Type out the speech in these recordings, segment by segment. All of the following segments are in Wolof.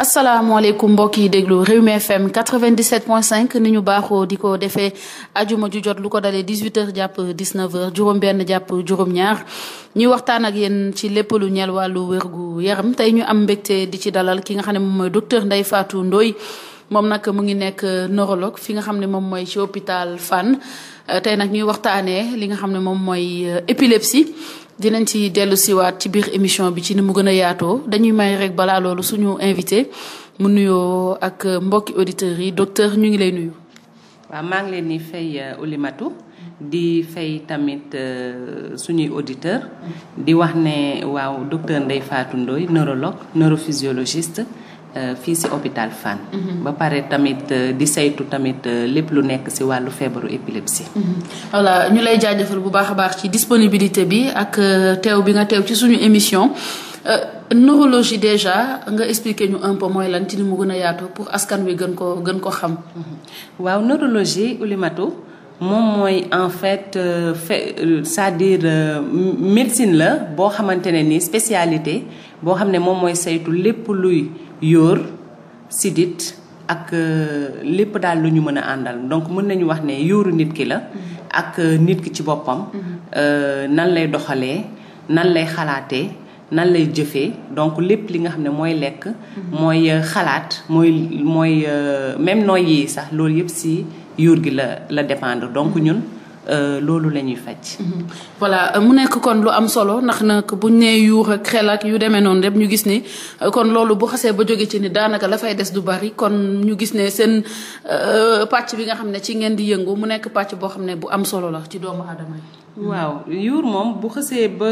asalaamaaleykum mbokk yi déglu Rewmi FM 97.5 ni ñu baaxoo di ko defee ajuma ju jot lu ko dalee 18h jàpp 19h juróom-benn jàpp juróom-ñaar ñuy waxtaan ak yéen ci léppalu lu ñeel wàllu wérgu yaram tey ñu am mbégte di ci dalal ki nga xam ne moom mooy docteur Ndeye Fatou ndoy moom nag mu ngi nekk neurologue fi nga xam ne moom mooy ci hôpital Fann tey nag ñuy waxtaanee li nga xam ne moom mooy euh, épilepsie. dinañ ci dellu siwaat ci biir émission bi ci ni mu gën a yaatoo dañuy may rek balaa loolu suñu invité mu nuyoo ak mbokki auditeurs yi docteur ñu ngi lay nuyu. waaw maa ngi leen di fay euh, Oulimatou di fay tamit euh, suñuy auditeur di wax ne waaw docteur Ndeye Fatou Ndoye neurologue neurophysiologiste. Euh, fii si hôpital Fann mhm. ba pare tamit euh, di saytu tamit euh, lépp lu nekk si wàllu feebaru épilepsie. Mhm. voilà ñu lay jaajëfal bu baax a baax ci disponibilité bi ak teew bi nga teew ci suñu émission. neurologie déjà nga expliquer ñu un peu mooy lan ci ni mu gën a yaatu pour askan wi gën ko gën ko xam. Mhm. waaw neurologie Oulimatou moom mooy en fait fait c'est-à-dire médecine la boo xamante ne ni spécialité boo xam ne moom mooy saytu lépp luy. yóor sidit ak euh, lépp daal lu ñu mën a àndal donc mën nañu wax ne yóoru nit ki la. ak euh, nit ki ci boppam. Euh, nan lay doxalee nan lay xalaatee nan lay jëfee donc lépp li nga xam ne mooy lekk. mooy xalaat mooy mooy même nooy sax loolu yëpp si yóor gi la la dépendre donc ñun. Euh, loolu la ñuy faj. Mhm. voilà euh, mu nekk kon lu am solo ndax nag buñ nee yuux ak xel ak yu demee noonu lépp ñu gis ni euh, kon loolu bu xasee ba jóge ci ni daanaka la des du bari kon ñu gis ne seen pàcc bi nga xam ne ci ngeen di yëngu mu nekk pàcc boo xam ne bu am solo la ci doomu aadama mhm. waaw moom bu xasee ba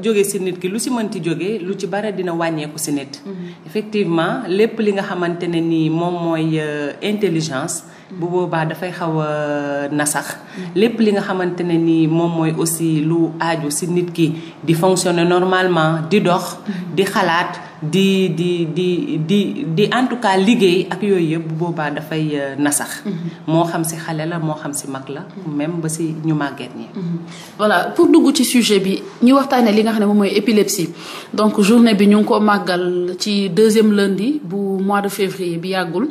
jóge si nit ki lu si ti jóge lu ci bari dina wàññeeku si nit. Mhm. effectivement lépp li nga xamante ne ni moom mooy intelligence. bu boobaa dafay xaw a nasax lépp li nga xamante ne ni moom mooy aussi lu aaju si nit ki di fonctionner normalement di dox di xalaat di di di di di en tout cas liggéey ak yooyu yëpp bu boobaa dafay euh, nasax moo xam si xale la moo xam si mag la même ba si ñu màgget ñi voilà pour dugg ci sujet bi ñu waxtaane li nga xam ne moom mooy épilepsie donc journée bi ñu ngi ko màggal ci deuxième lundi bu mois de février bi yàggul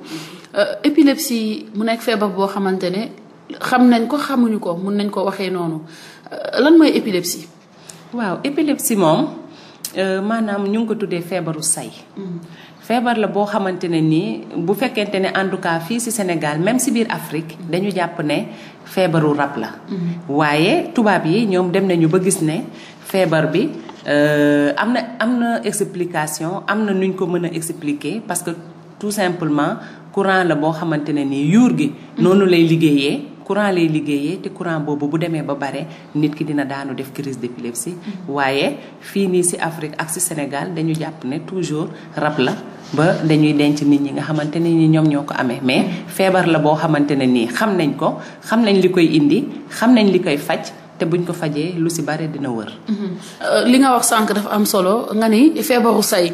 Euh, épilepsie mu nekk feebar boo xamante ne xam nañ ko xamuñu ko mun nañ ko waxee noonu euh, lan mooy épilepsie. waaw épilepsie moom euh, maanaam ñu ngi ko tuddee feebaru say. Mhm. feebar la boo xamante ne nii bu fekkente ne en tout cas fii ci Sénégal même ci biir Afrique mhm. dañu jàpp ne feebaru rab la. Mhm. waaye tubaab yi ñoom dem nañu ba gis ne feebar bi. Euh, am na am na explication am na nuñ ko mën a expliquer parce que tout simplement courant la boo xamante ne nii yuur gi noonu lay liggéeyee courant lay liggéeyee te courant boobu bu demee ba bare nit ki dina daanu def crise d'épilepsie waaye fii nii si Afrique ak si Sénégal dañu jàpp ne toujours rab la ba dañuy denc nit ñi nga xamante ne ni ñoom ñoo ko amee mais feebar la boo xamante ne nii xam nañ ko xam nañ li koy indi xam nañ li koy faj te buñ ko fajee lu si bare dina wër. Mhm. Euh, li nga wax sànq dafa am solo nga ni feebaru say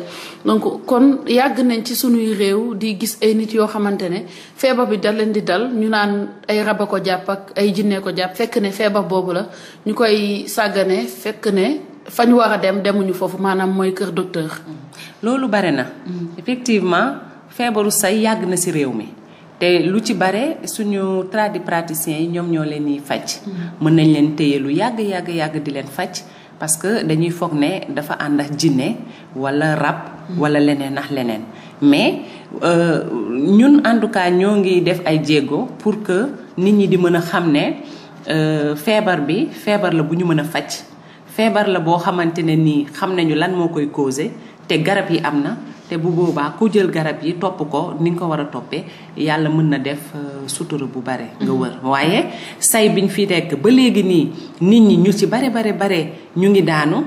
donc kon yàgg nañ ci suñuy réew di gis ay nit yoo xamante ne feebar bi da di dal ñu naan ay rab a ko jàpp ak ay jinne ko jàpp fekk ne feebar boobu la ñu koy sàggane fekk ne. fañ war a dem demuñu foofu maanaam mooy kër docteur. Mhm. loolu bare na. Mhm. effectivement feebaru say yàgg na si réew mi. te lu ci bare suñu tradipraticiens yi ñoom ñoo leen di faj. mën nañ leen téye lu yàgg yàgg yàgg di leen faj parce que dañuy foog ne dafa ànd ak jinne wala rab. wala leneen ak leneen mais euh, ñun en tout cas ñoo ngi def ay jéego pour que nit ñi di mën a xam ne euh, feebar bi feebar la bu ñu mën a faj feebar la boo xamante ne nii xam nañu lan moo koy causé te garab yi am na. te bu boobaa ku jël garab yi topp ko ni nga ko war a toppee yàlla mën na def euh, sutura bu bare nga mm-hmm. wër waaye say biñ fi rekk ba léegi nii nit ñi ñu si bare bare bare ñu ngi daanu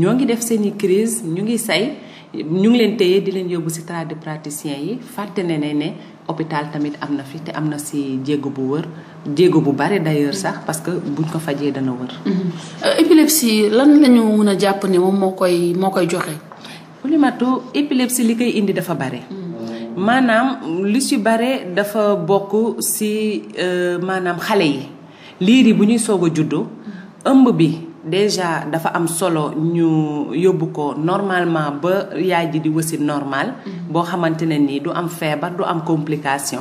ñoo ngi def seen i crise ñu ngi say ñu ngi leen teyee di leen yóbbu ci tradipraticiens yi fàtte ne ne ne hôpital tamit am na fi te am na si jéego bu wër jéego bu bare d'ailleurs sax parce que buñ ko fajee dana wër. Mm-hmm. Euh, épilepsie lan lañu mën a jàpp ne moom moo koy moo koy joxe. Oulimatou épilepsie li koy indi dafa bare. maanaam li ci bare dafa bokk ci euh, maanaam xale yi liir yi bu ñuy soog a juddu ëmb bi déjà dafa am solo ñu yóbbu ko normalement ba yaay ji di wasin normal boo xamante ne nii du am feebar du am complication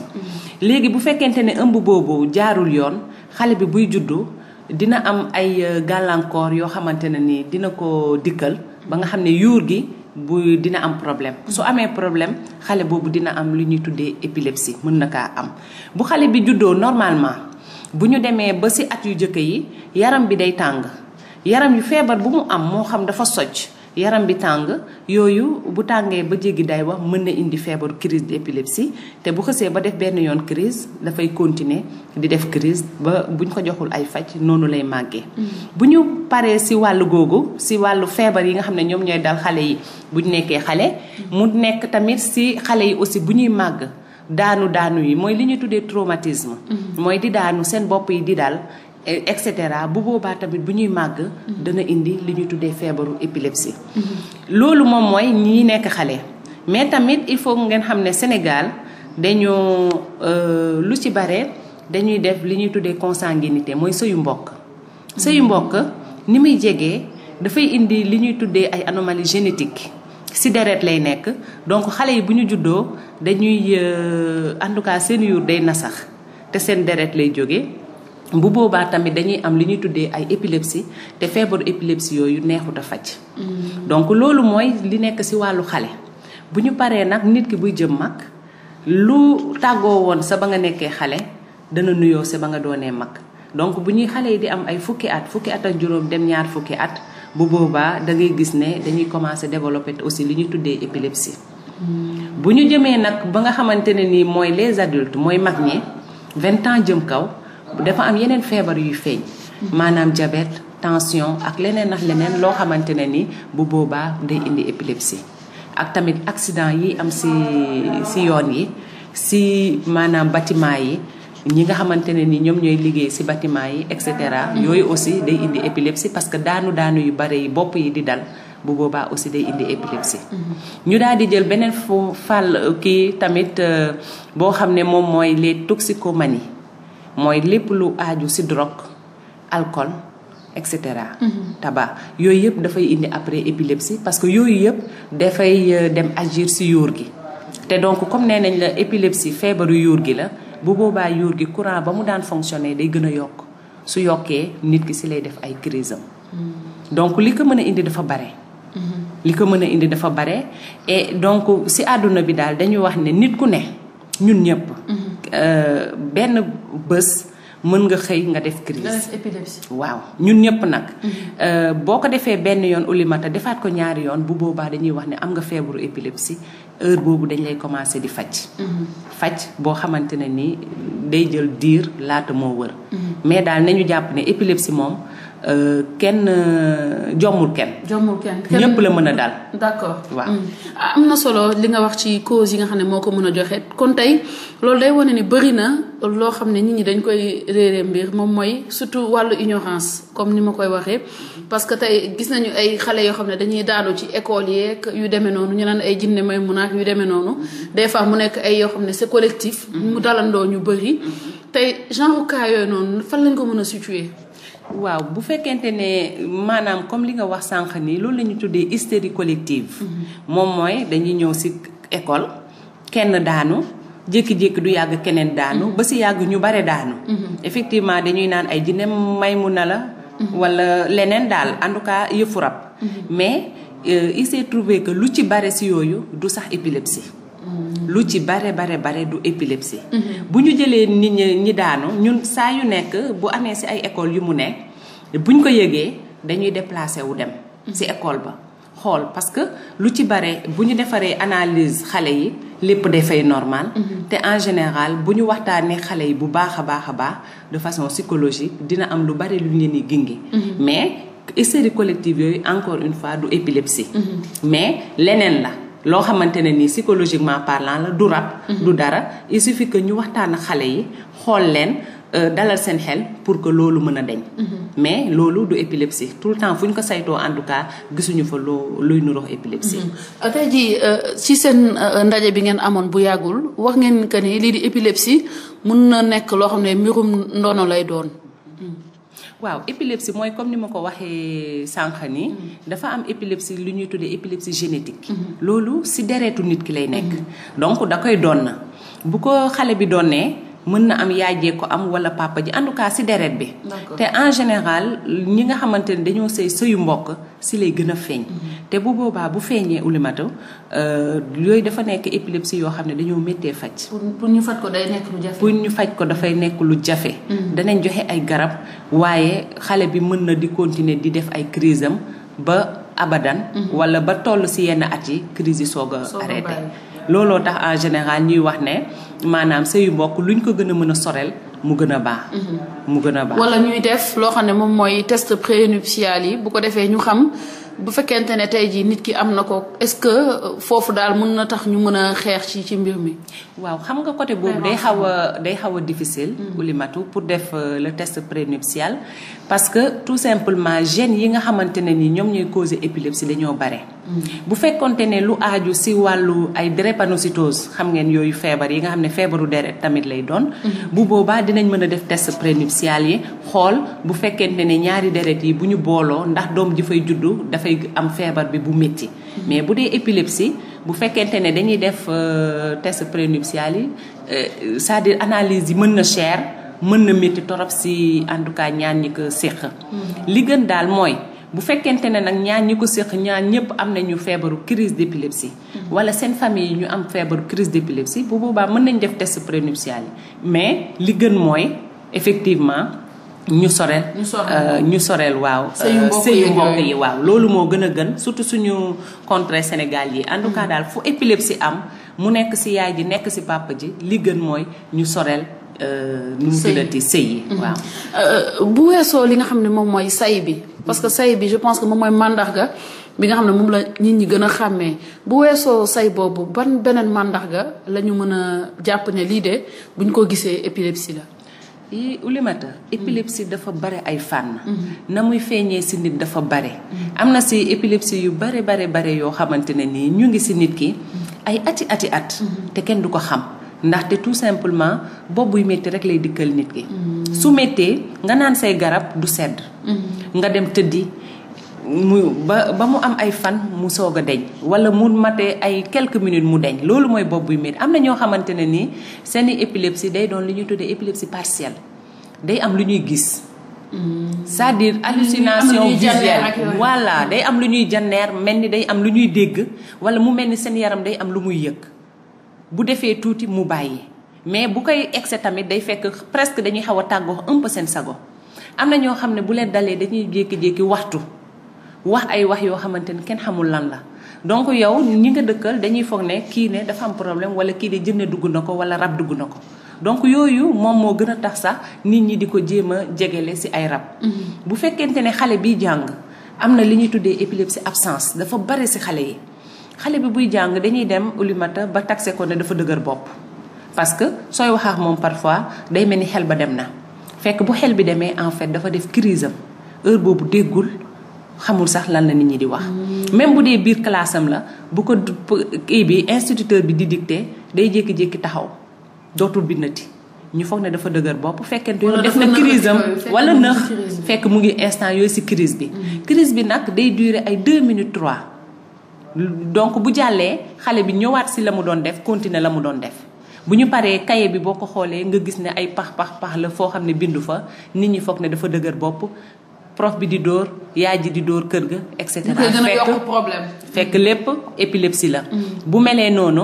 léegi bu fekkente ne ëmb boobu jaarul yoon xale bi buy juddu dina am ay euh, gàllankoor yoo xamante ne nii dina ko dikkal ba nga xam ne yuur gi bu dina am problème su amee problème xale boobu dina am lu ñuy tuddee épilepsie mën na kaa am bu xale bi juddoo normalement bu ñu demee ba ci at yu jëkk yi yaram bi day tàng yaram yu feebar bu mu am moo xam dafa soj yaram bi tàng yooyu bu tàngee ba jéggi day wax mën na indi feebaru crise d'épilepsie te bu xësee ba def benn yoon crise dafay continuer di def crise ba buñ ko joxul ay faj noonu lay màggee. Mm. bu ñu paree si wàll googu si wàllu feebar yi nga xam ne ñoom ñooy dal xale yi bu ñu nekkee xale. mu nekk tamit si xale yi aussi bu ñuy màgg. daanu daanu yi mooy li ñuy tuddee traumatisme. Mm. mooy di daanu seen bopp yi di dal et cetera bu boobaa tamit bu ñuy màgg. dana indi li ñuy tuddee feebaru épilepsie. loolu moom mooy ñi nekk xale. mais tamit il faut ngeen xam ne Sénégal dañoo euh, lu ci bare dañuy def li ñuy tuddee consanguinité mooy sëyu mbokk. sëyu mbokk ni muy jegee dafay indi li ñuy tuddee ay anomalies génétiques si deret lay nekk donc xale yi bu ñu juddoo dañuy euh, en tout cas seen yuur day nasax te seen deret lay jóge bu boobaa tamit dañuy am li ñuy tuddee ay épilepsie te feebaru épilepsie yooyu neexut a faj. Mm. donc loolu mooy li nekk ci wàllu xale. bu ñu paree nag nit ki buy jëm mag lu tàggoo woon sa ba nga nekkee xale dana nuyoo se ba nga doonee mag donc bu ñuy xale di am ay fukki at fukki at ak juróom dem ñaar fukki at bu boobaa da ngay gis ne dañuy commencer développer aussi li ñuy tuddee épilepsie. Mm. bu ñu jëmee nag ba nga xamante ne nii mooy les adultes mooy mag ñi vingt ans jëm kaw. dafa am yeneen feebar yuy feeñ maanaam diabète tension ak leneen ak leneen loo xamante ne ni bu boobaa day indi épilepsie ak tamit accident yi am si si yoon yi si maanaam bâtiment yi ñi nga xamante ne ni ñoom ñooy liggéey si bâtiment yi et cetera. Mm-hmm. yooyu aussi day indi épilepsie parce que daanu daanu yu bare yi bopp yi di dal bu boobaa aussi day indi épilepsie. Mm-hmm. ñu daal di jël beneen fàll kii tamit euh, boo xam ne moom mooy les yi mooy lépp lu aaju si drogue alcole et cetera. Mm-hmm. tabac yooyu yëpp dafay indi après épilepsie parce que yooyu yëpp dafay euh, dem agir si yuur gi. te donc comme nee nañ la épilepsie feebaru yuur gi la bu boobaa yuur gi courant ba mu daan fonctionner day gën a yokk su yokkee nit ki si lay def ay crise mm-hmm. donc li ko mën a indi dafa bare. Mm-hmm. li ko mën a indi dafa bare et donc si àdduna bi daal dañuy wax ne nit ku ne ñun ñëpp. Euh, benn bés mën nga xëy nga def crise waaw ñun ñëpp nag mhm. euh, boo ko defee benn yoon ulimata defaat ko ñaari yoon bu boobaa dañuy wax ne am nga feebaru épilepsie heure boobu dañ lay commencé di faj mhm. faj boo xamante ne nii day jël diir laata moo wër mhm. mais daal nañu jàpp ne épilepsie moom Euh, kenn euh, jommul kenn. jommul kenn ñëpp la mën a daal. d'accord waaw. Mm. Ah, am na solo li nga wax ci cause yi nga xam ne moo ko mën a joxe kon tey loolu day wane ni bëri na loo xam ne nit ñi dañ koy réere mbir moom mooy surtout wàllu ignorance comme ni ma koy waxee. parce que tey gis nañu ay xale yoo xam ne dañuy daanu ci école yeek yu demee noonu ñu naan ay jinne may mun a yu demee noonu des fois mu nekk ay yoo xam ne se collectif. mu dalandoo ñu bëri. Mm-hmm. tey genre cas yooyu noonu fan lañ ko mën a situer. waaw bu fekkente ne maanaam comme li nga wax sànq nii loolu lañuy ñu tuddee hystérie collective. Mm-hmm. moom mooy dañuy ñëw ci école kenn daanu. jékki-jékki du yàgg keneen daanu. Mm-hmm. ba si yàgg ñu bare daanu. Mm-hmm. effectivement dañuy naan ay jinne may mu na la. wala leneen daal en tout cas yëfu rab. mais euh, il s'est trouvé lu ci bare si yooyu du sax épilepsie. lu ci bare bare bare du épilepsie. Mhm. bu ñu jëlee nit ñi ñi daanu ñun saa yu nekk bu amee ci ay école yu mu nekk bu buñ ko yegee dañuy déplacé wu dem. ci mhm. école ba xool parce que lu ci bare bu ñu defaree analyse xale yi lépp day fay normal. Mhm. te en général bu ñu waxtaanee xale yi bu baax a baax a baax de façon psychologique dina am lu bare lu ñu leen di gingi mais hystérie collective yooyu encore une fois du épilepsie. mais leneen la. loo xamante ne nii psychologiquement parlant la du rab mhm. du dara su fi que ñu waxtaan ak xale yi xool leen euh, dalal seen xel pour que loolu mën a deñ mhm. mais loolu du épilepsie tout le temps fu ñu ko saytoo en tout gisuñu fa loo luy nurox épilepsie mhm. euh, tey jii euh, ci seen ndaje bi ngeen amoon bu yàggul wax ngeen que nii lii di épilepsie mën na nekk loo xam ne mbirum ndono lay doon mm. waaw épilepsie mooy comme ni ma ko waxee sànq nii mm-hmm. dafa am épilepsie lu ñuy tuddee épilepsie génétique mm-hmm. loolu si deretu nit ki lay nekk mm-hmm. donc da koy doon na bu ko xale bi doon doonee mën na am yaay jee ko am wala papa ji en tout cas si deret bi. te en général ñi nga xamante ne dañoo sëy sëyu mbokk si lay gën a feeñ. Mhm. te bu boobaa bu feeñee ulimata euh, yooyu dafa nekk épilepsie yoo xam ne dañoo méttee faj. pour ñu faj ko day ñu faj ko dafay nekk lu jafe. Mhm. danañ joxe ay garab waaye xale bi mën na di continuer di def ay crise ba abadan. Mhm. wala ba toll si yenn at yi crise yi soog a arrêté. looloo tax en général ñuy wax ne maanaam sëyu mbokk luñ ko gën a mën a sorel mu gën a baax. Mm-hmm. mu gën a baax wala ñuy def loo xam ne moom mooy test prénuptial yi bu ko defee ñu xam. bu fekkente ne tey jii nit ki am na ko est-ce que foofu daal mën na tax ñu mën a xeex ci ci mbir mi. waaw xam nga côté boobu day xaw a day xaw a difficile. Mm-hmm. ulimatu pour def euh, le test prénuptial parce que tout simplement gènes yi nga xamante ne ni ñoom ñooy causer épilepsie dañoo bare. Mm. bu fekkonte ne lu aaju si wàllu ay drépanocytose xam ngeen yooyu feebar yi nga xam ne feebaru deret tamit lay doon. Mm. bu boobaa dinañ mën a def test prénuptial yi xool bu fekkente ne ñaari deret yi bu ñu booloo ndax doom ji fay juddu dafay am feebar bi bu métti. Mm. mais bu dee épilepsie bu fekkente ne dañuy def euh, test prénuptial yi euh, c'est-à-dire analyse yi mën na cher. mën na métti torop si en tout cas ñaan ñi ko séq mm-hmm. li gën daal mooy bu fekkente ne nag ñaan ñi ko séq ñaan ñëpp am ñu feebaru crise d'épilepsie mm-hmm. wala seen famille yi ñu am feebaru crise d'épilepsie bu boobaa mën nañ def test prénuptial yi mais li gën mooy effectivement ñu soreel ñu soreel euh, waaw sëyu mbokk euh, yi waaw loolu moo gën a gën surtout suñu contrée Sénégal yi en tout cas mm-hmm. daal fu épilepsie am mu nekk ci yaay ji nekk ci papa ji li gën mooy ñu soreel Euh, nu mu gënati sëy mhm. euh, bu weesoo li nga xam ne moom mooy say bi. parce que say bi je pense que moom mooy màndarga bi nga xam ne moom la nit ñi gën a xàmmee bu weesoo say boobu ban beneen màndarga la ñu mën a jàpp ne lii de bu ñu ko gisee épilepsie la. yi ulimata mhm. épilepsie dafa bare ay fànn mhm. na muy feeñee si nit dafa bare am na si épilepsie yu bare bare bare yoo xamante ne nii ñu ngi si nit ki ay ati ati at te kenn du ko xam ndaxte tout simplement bopp buy métti rek lay dikkal nit ki. su méttee nga naan say garab du sedd. Mm-hmm. nga dem tëddi mu ba ba mu am ay fan mu soog a deñ wala mu matee ay quelques minutes mu deñ loolu mooy bopp buy métti am na ñoo xamante ne nii seeni épilepsie day doon lu ñuy tuddee épilepsie partielle day am lu ñuy gis. Mm-hmm. c'est-à-dire hallucination visuelle day am lu ñuy janneer mel ni day am lu ñuy dégg wala mu mel ni seen yaram day am lu muy yëg. bu defee tuuti mu bàyyi mais bu koy excès tamit day fekk presque dañuy xaw a tàggoo un seen sago am na ñoo xam ne bu leen dalee dañuy jékki-jékki waxtu wax ay wax yoo xamante ne kenn xamul lan la donc yow ñi nga dëkkal dañuy foog ne kii ne dafa am problème wala kii de jënne dugg na ko wala rab dugg na ko donc yooyu moom moo gën a tax sax nit ñi di ko jéem a jegele ci ay rab. Mm-hmm. bu fekkente ne xale bi jàng am na li ñuy tuddee épilepsie absence dafa bari ci xale yi. xale bi buy jàng dañuy dem ulimata ba taxé ko ne dafa dëgër bopp parce que sooy wax ak moom parfois day mel ni xel ba dem na fekk bu xel bi demee en fait dafa def kiriisam heure boobu déggul xamul sax lan la nit ñi di wax. Mm. même bu dee biir classe la bu ko du kii bi instituteur bi di dicté day jékki-jékki taxaw dootul bindati ñu foog ne dafa dëgër bopp fekkente yow def na crise am wala nëx fekk mu ngi instant yooyu ci crise bi. Mm. crise bi nag day durer ay 2 minutes 3. donc bu jàllee xale bi ñëwaat si la mu doon def continuer la mu doon def bu ñu paree kaye bi boo ko xoolee nga gis ne ay pax pax pax la foo xam ne bindu fa nit ñi foog ne dafa dëgër bopp prof bi di dóor yaay ji di dóor kër ga et cetera fekk problème fekk lépp épilepsie la mm-hmm. bu melee noonu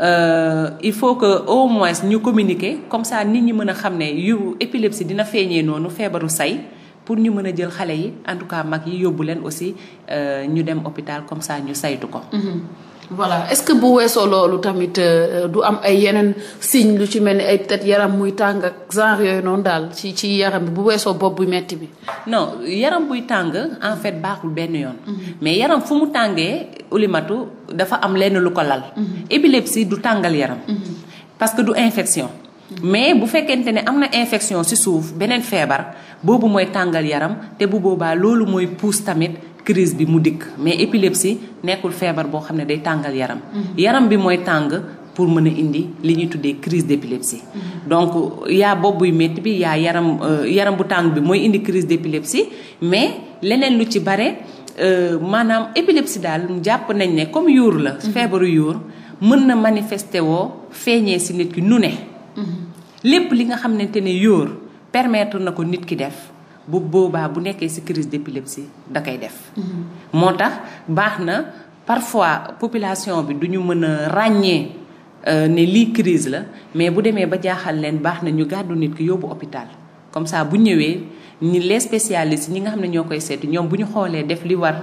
euh, il faut que au moins ñu communiquer comme ça nit ñi mën a xam ne yu épilepsie dina feeñee noonu feebaru say pour ñu mën a jël xale yi en tout cas mag yi yóbbu leen aussi euh, ñu dem hôpital comme ça ñu saytu ko. Mhm. voilà est-ce que bu weesoo loolu tamit euh, du am ay yeneen signe lu ci mel ni ay peut yaram muy tàng ak yooyu noonu daal ci ci yaram bi bu weesoo bopp bu metti bi. non yaram buy tàng en fait baaxul benn yoon. Mhm. mais yaram fu mu tàngee ulimatu dafa am lenn lu ko lal. Mhm. épilepsie du tàngal yaram. parce que du infection. mais bu fekkente ne am na infection si suuf beneen feebar. boobu mooy tàngal yaram te bu boobaa loolu mooy pousse tamit crise bi mu dikk mais épilepsie nekkul feebar boo xam ne day tàngal yaram. Mhm. yaram bi mooy tàng pour mën a indi li ñuy tuddee crise d'épilepsie. Mhm. donc yaa bopp buy métti bi yaa yaram euh, yaram bu tàng bi mooy indi crise d'épilepsie mais leneen lu ci bare euh, maanaam épilepsie daal jàpp nañ ne comme yuur la. Mhm. feebaru yuur mën na manifester woo feeñee si nit ki nu ne. lépp li nga xamante ne yuur permettre na ko nit ki def bu boobaa bu nekkee ci crise d'épilepsie da koy def. Mhm. moo tax baax na parfois population bi du ñu mën a ràññee. Euh, ne lii crise la mais bu demee ba jaaxal leen baax na ñu gàddu nit ki yóbbu hôpital comme ça bu ñëwee ni les spécialistes ñi nga xam ne ñoo koy seeti ñoom bu ñu xoolee def li war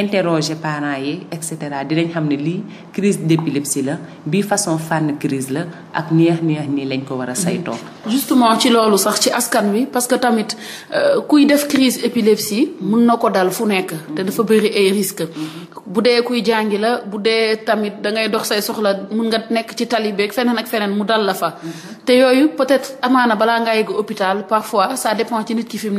interroger parent yi et cetera dinañ xam ne lii crise d'épilepsie la bii façon fànn crise la ak neex neex nii lañ ko war a mhm. saytoo. justement ci loolu sax ci askan wi parce que tamit euh, kuy def crise épilepsie mun na ko dal fu nekk. te dafa bëri ay risque mhm. bu dee kuy jàngi la bu dee tamit da ngay dox say soxla mun nga nekk ci tali beeg feneen ak feneen mu dal la fa. Mhm. te yooyu peut-être amaana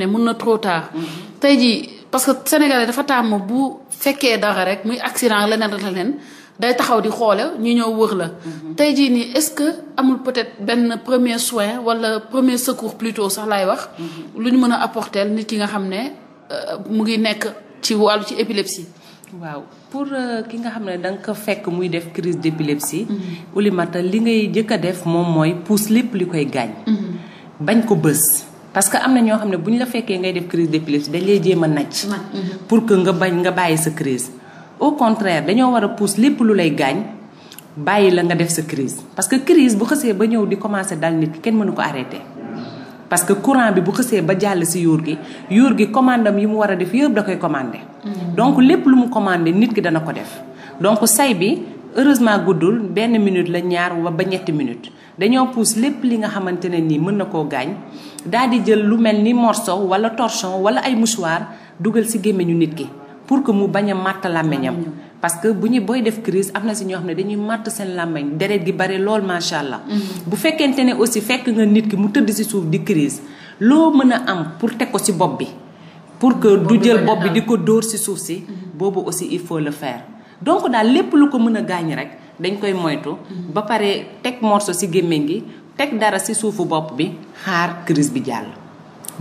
mun na trop tard. Mhm. tey jii parce que sénégalais dafa tàmm bu fekkee dara rek muy accident leneen la leneen day taxaw di xoole ñu ñëw wër la. Mhm. tey jii nii est-ce que amul peut-être benn premier soin walla premier secours plutôt sax laay wax. Mhm. lu ñu mën a apporter nit ki nga xam ne euh, mu ngi nekk ci wàllu ci épilepsie. waaw pour euh, ki nga xam ne da nga ko fekk muy def crise d'épilepsie. Oulimata li ngay jëkk a def moom mooy pousse lépp li koy gaañ. bañ ko bës. parce que am na ñoo xam ne bu ñu la fekkee ngay def crise d'épilepsie dañ lay jéem a nacc pour que nga bañ nga bàyyi sa crise au contraire dañoo war a pousse lépp lu lay gaañ bàyyi la nga def sa crise parce que crise bu xësee ba ñëw di commencé dal kenn mënu ko arrêté parce que courant bi bu xësee ba jàll si yuur gi yuur gi commandam yi mu war a def yëpp da koy commandé mm. donc lépp lu mu commandé nit ki dana ko def donc say bi heureusement guddul benn minute la ñaar ba ñetti minute dañoo pousse lépp li nga xamante ne nii mën na koo gaañ daal di jël lu mel ni morceau wala torchon wala ay mouchoir dugal ci gémmiñu nit ki pour que mu bañ a màtt làmmiñam parce que bu ñu booy def crise am na si ñoo xam ne dañuy màtt seen làmmiñ deret gi bare lool macha allah. Mm-hmm. bu fekkente ne aussi fekk nga nit ki mu tëdd si suuf di crise loo mën a am pour teg ko si bopp bi pour que du jël bopp bi di ko dóor si suuf si. Mm-hmm. boobu aussi il faut le fair donc daal lépp lu ko mën a gaañ rek dañ koy moytu. Mm-hmm. ba pare teg morceau si gémmiñ gi teg dara si suufu bopp bi xaar crise bi jàll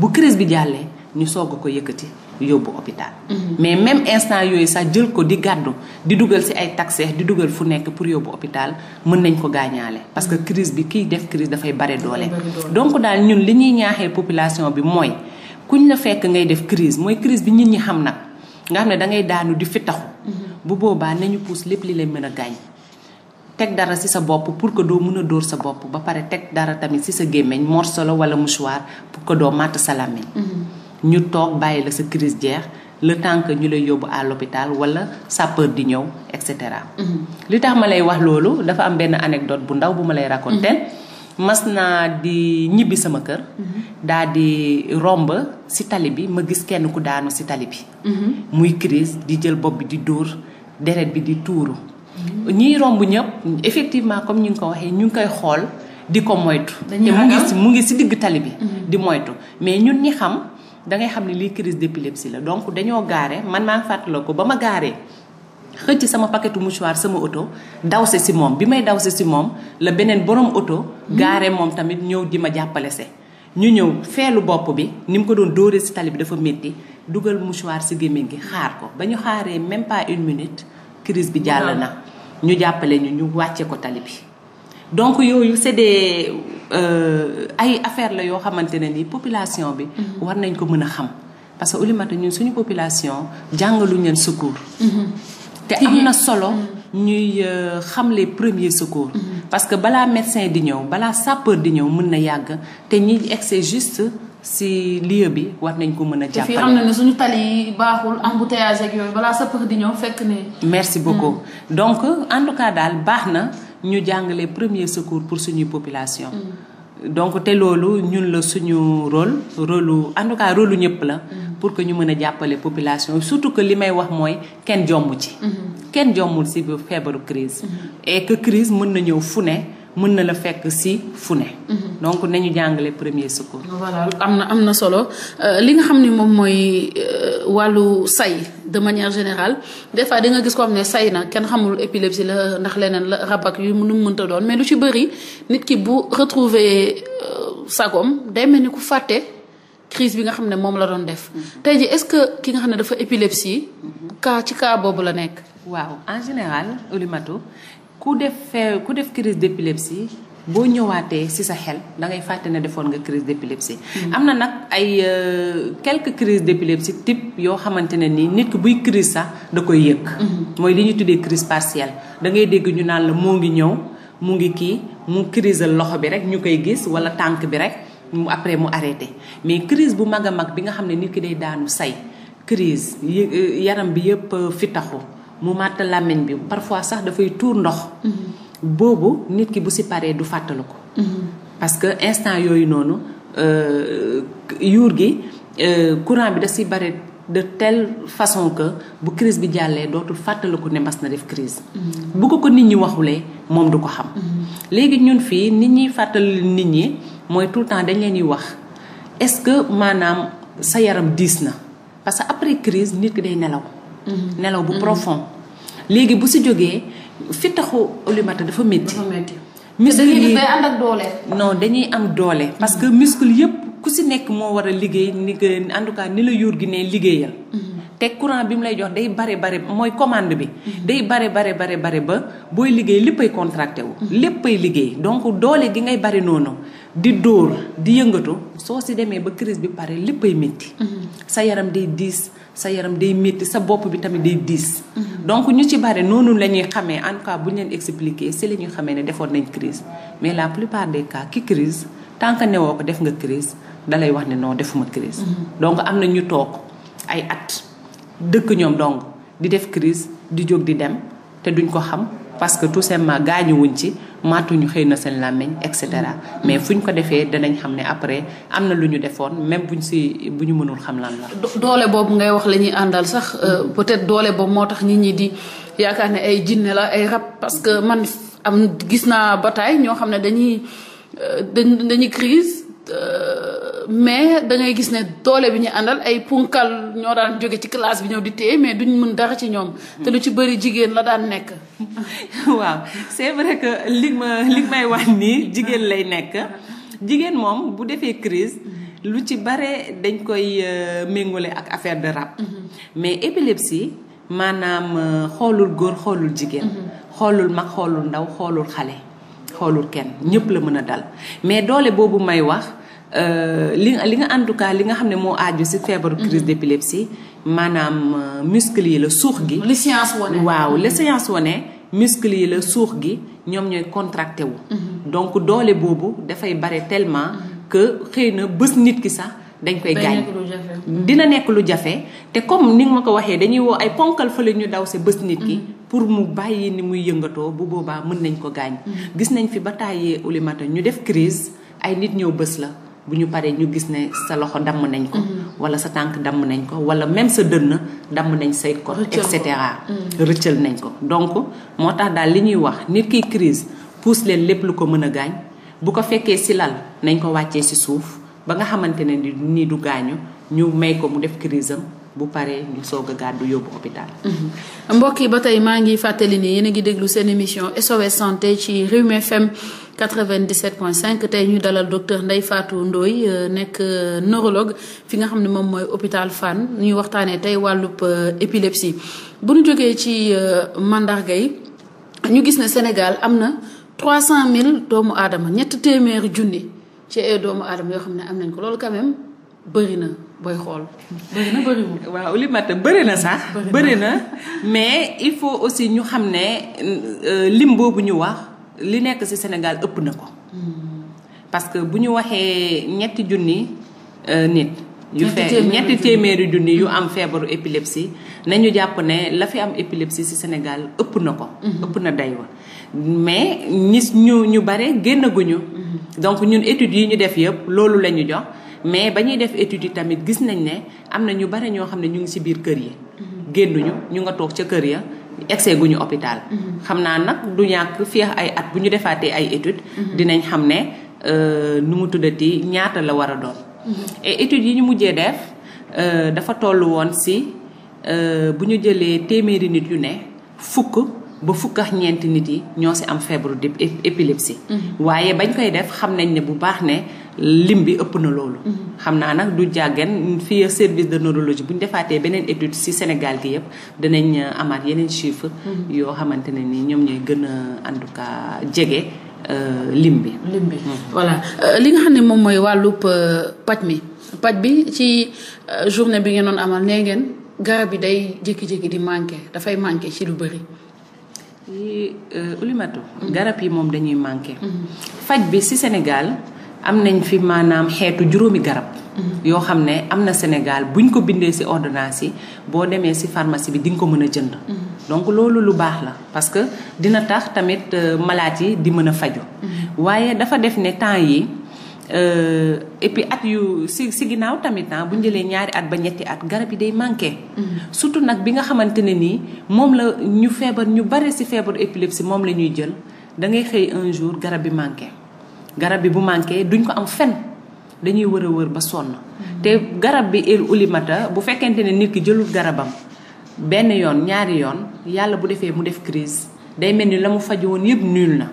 bu crise bi jàllee ñu soog ko yëkkati yóbbu hôpital mhm. mais même instant yooyu sax jël ko di gàddu di dugal ci ay taxes di dugal fu nekk pour yóbbu hôpital mën nañ ko gaañaale parce que crise bi kiy def crise dafay bare doole donc daal ñun li ñuy ñaaxee population bi mooy ku ñu la fekk ngay def crise mooy crise bi nit ñi xam nag nga xam ne dangay daanu di fi taxu mhm. bu boobaa ñu pousse lépp li leen mën a gaañ teg dara ci sa bopp pour que doo mun a dóor sa bopp ba pare teg dara tamit ci sa gémmiñ morso la wala mouchoir pour que doo màtt sa làmmiñ mm-hmm. ñu toog bàyyi la sa crise jeex le temps que ñu lay yóbbu à l'hôpital wala sapeur di ñëw et cetera mm-hmm. li tax ma lay wax loolu dafa am benn anecdote bu ndaw bu ma lay raconter mm-hmm. mas naa di ñibbi sama kër daa di romb ci tali bi ma gis kenn ku daanu ci tali bi muy crise di jël bopp bi di dóor deret bi di tuuru ñiy romb ñëpp effectivement comme ñu ngi ko waxee ñu ngi koy xool di ko moytu. te mu ngi mu ngi si digg tali bi. Mm-hmm. di moytu mais ñun ñi xam da ngay xam ne lii crise d'épilepsie la donc dañoo gaare man maa fàttaloo ko ba ma gaaree. xëcc sama paquetu mouchoir sama oto dawse si moom bi may dawse si moom la beneen borom oto. Mm-hmm. gaare moom tamit ñëw di ma jàppale se. ñu ñëw feelu bopp bi ni mu ko doon dóoree si tali bi dafa métti dugal mouchoir si gémmiñ gi xaar ko ba ñu xaaree même pas une crise bi jàll na ñu jàppale ñu ñu wàcce ko tali bi donc yooyu c'est des euh, ay affaire la yoo xamante ne ni population bi mm-hmm. war nañ ko mën a xam parce que Oulimata suñu population jàngalu leen secours mm-hmm. te am na solo mm-hmm. ñuy euh, xam les premiers secours parce que balaa médecin di ñëw balaa sapeur di ñëw mën na yàgg te ñi egg juste si lieu bi war nañ ko mën a jàppale. na suñu tali yi baaxul embouteillage ak yooyu balaa sa pëx di ñëw fekk ne. merci beaucoup mm. donc en tout cas daal baax na ñu jàngale premier secours pour suñuy population. Mm. donc te loolu ñun la suñu rôle rôle en tout cas rôle ñëpp la. Mm. pour que ñu mën a jàppale population surtout que li may wax mooy kenn jommu ci. Mm-hmm. kenn jommul si feebaru crise mm-hmm. et que crise mën na ñëw fu ne. mën na la fekk si fu ne. Mhm. donc nañu jàngale premier secours. voilà am na am na solo euh, li nga xam ni moom mooy euh, wàllu say de manière générale des fois di gis ko xam ne say na kenn xamul épilepsie la ndax leneen la rab ak yu nu mu mënta doon mais lu ci bëri nit ki bu retrouver euh, sagom day mel ni ku fàtte crise bi nga xam ne moom la doon def. Mhm. tey ji est-ce que ki nga xam ne dafa épilepsie. cas mhm. ci cas boobu la nekk. waaw en général Oulimatou ku def fee euh, ku def crise d'épilepsie boo ñëwaatee ci sa xel da ngay fàtte ne defoon nga crise d'épilepsie hmm. am na nag ay euh, quelques crises d'épilepsie type yoo xamante ne nii nit ki buy crise sax da koy yëg hmm. mooy li ñuy tuddee crise partielle da ngay dégg ñu naan la moo ngi ñëw mu ngi kii mu crise loxo bi rek ñu koy gis walla tànk bi rek mu après mu arrêté mais crise bu mag a mag bi nga xam ne nit ki day daanu say crise euh, yaram bi yëpp fi taxu mu màtt làmmiñ bi parfois sax dafay tuur ndox mm-hmm. boobu nit ki bu si paree du fàttalu ko mm-hmm. parce que instant yooyu noonu euh, yuur gi euh, courant bi da si bare de telle façon que bu crise bi jàllee dootul fàttaliku ne mas na def crise mm-hmm. bu ko ko nit ñi waxulee moom du ko xam léegi ñun fii nit ñi fàttali nit ñi mooy tout temps dañ leen di wax est-ce que maanaam sa yaram diis na parce que après crise nit ki day nelaw Mm-hmm. nelaw bu mm-hmm. profond. léegi bu si jógee fi taxu olimata dafa métti. dafa métti muscle yi day ànd ak doole. non dañuy am doole mm-hmm. parce que muscle yëpp ku si nekk moo war a liggéey ni que en tout cas ni la yóor gi ne liggéeyal. te courant bi mu lay jox day bare bare mooy commande bi. day bare bare bare bare ba booy liggéey léppay contracté wu. léppay liggéey donc doole gi ngay bari noonu di dóor di yëngatu soo si demee ba crise bi pare léppay métti. Mm-hmm. sa yaram day diis sa yaram day métti sa bopp bi tamit day diis. Mm-hmm. donc ñu ci bare noonu la ñuy xamee en tout bu ñu leen si la ñuy xamee ne defoon nañ crise mais la plupart des cas ki crise tant que newoo ko def nga crise dalay wax ne noo defuma crise mm-hmm. donc am na ñu toog dëkk ñoom dong di def crise di jóg di dem te duñ ko xam parce que tout simplement gaañu ci maatuñu xëy na seen làmmiñ et cetera mais fuñ ko defee danañ xam ne après am na lu ñu defoon même ñu si bu ñu mënul xam lan la. doole boobu ngay wax la ñuy àndal sax euh, mm. peut-être doole boobu moo tax nit ñi di yaakaar ne ay jinne la ay rab parce que man am gis naa bataay ñoo xam ne dañuy euh, dañuy crise. Euh, mais da ngay gis ne doole bi ñu àndal ay punkal ñoo daan jóge ci classe bi ñëw di téye mais duñ mën dara ci ñoom. te lu ci bëri jigéen la daan nekk. waaw c'est vrai que li ma li may wax nii jigéen lay nekk jigéen moom bu defee crise lu ci bare dañ koy euh, méngoole ak affaire de rab. Mm-hmm. mais épilepsie maanaam euh, xoolul góor xoolul jigéen. Mm-hmm. xoolul mag xoolul ndaw xoolul xale. xoolul kenn ñëpp la mën a dal mais doole boobu may wax. Euh, li li nga en tout cas li nga xam ne moo aaju si feebaru mhm. crise d'épilepsie maanaam euh, muscle yi la suux gi li science wane waaw li science wane muscle yi la suux gi ñoom ñooy contracté wu mhm. donc doole boobu dafay bare tellement mhm. que xëy na bés nit ki sax dañ koy gaañ dina nekk lu jafe te comme ni nga ma ko waxee dañuy woo ay ponkal fële ñu daw si bés nit ki pour mu bàyyi ni muy yëngatoo bu boobaa mën nañ ko gaañ gis nañ fi ba tàyyee ulimata ñu def crise ay nit ñëw bës la bu ñu paree ñu gis ne sa loxo damm nañ ko. Mm-hmm. wala sa tànk damm nañ ko wala même sa dënn damm nañ say ko et cetera. Mm-hmm. rëccal nañ ko donc moo tax daal li ñuy wax nit kiy crise puus leen lépp lu ko mën a gaañ bu ko fekkee si lal nañ ko wàccee si suuf ba nga xamante ne nii du gaañu ñu may ko mu def crise am. bu paree ñu soog a gàddu yóbbu hôpital. Mm-hmm. mbokk ba tey maa ngi fàttali ni yéen a déglu seen émission SOS santé ci Rewmi FM. 97.5 tey ñu dalal docteur Ndeye Fatou Ndoye euh, nekk euh, neurologue fi nga xam ne moom mooy hôpital Fann ñuy waxtaanee tey wàllub euh, épilepsie bu ñu jógee ci mandarga yi ñu gis ne Sénégal am na 300 000 doomu aadama ñett téeméeri junni ci ay doomu aadama yoo xam ne am nañ ko loolu quand même bëri na booy xool bëri na bëriwul waaw li mat bëri na sax bëri na mais il faut aussi ñu xam ne lim boobu ñu wax li nekk ci Sénégal ëpp na ko. parce que bu ñu waxee ñetti junni euh, nit. yu fee ñetti téeméeri junni yu am feebaru épilepsie nañu jàpp ne la fi am épilepsie ci Sénégal ëpp na ko. Mhm. ëpp na day wa mais ñis ñu ñu bare génnaguñu. Mhm. donc ñun études yi ñu def yëpp loolu la ñu jox mais ba ñuy def études yi tamit gis nañ ne am na ñu bare ñoo xam ne ñu ngi ci biir kër yi. Mhm. génnuñu ñu nga toog ca kër ya. egsee guñu hôpital. xam naa nag du ñàkk fi ay at bu ñu defaatee ay études. dinañ xam ne euh, nu mu tuddati ñaata la war a doom et yi ñu mujjee def euh, dafa toll woon si euh, bu ñu jëlee téeméeri nit yu ne fukk ba fukk ak ñeenti nit yi ñoo si am feebaru di épilepsie. Mm-hmm. waaye bañ koy def xam nañ ne bu baax ne. lim bi ëpp na loolu. Mhm. xam naa nag du jàggeen fii service de neurologie bu ñu defaatee beneen étude ci Sénégal gi yëpp danañ euh, amaat yeneen chiffre mhm. yoo xamante ne ni ñoom ñooy gën a en tout cas jege euh, lim bi. lim bi mhm. voilà euh, li nga xam ne moom mooy wàllub paj mi paj bi ci journée bi ngeen doon amal nee ngeen garab yi day jékki-jékki di manqué dafay manqué ci lu bëri. yi garab yi moom dañuy manqué. faj bi ci Sénégal. am nañ fi maanaam xeetu juróomi garab. yoo xam ne am na Sénégal buñ ko bindee ci ordonnance yi boo demee ci pharmacie bi di nga ko mën a jënd. donc loolu lu baax la parce que dina tax tamit euh, malaat yi di mën a faju waaye dafa def ne temps yi euh, et puis at yu si si ginnaaw tamit temps ah, bu ñu jëlee ñaari at ba ñetti at garab yi day manqué. surtout nag bi nga xamante ne nii moom la ñu feebar ñu bare ci feebaru épilepsie moom la ñuy jël da ngay xëy un jour garab bi manqué. garab bi bu manqué duñ ko am fen dañuy wër a wër ba sonn te garab bi il ulimata bu fekkente ne nit ki jëlul garabam benn yoon ñaari yoon yàlla bu defee mu def crise day mel ni la mu faj woon yëpp nul na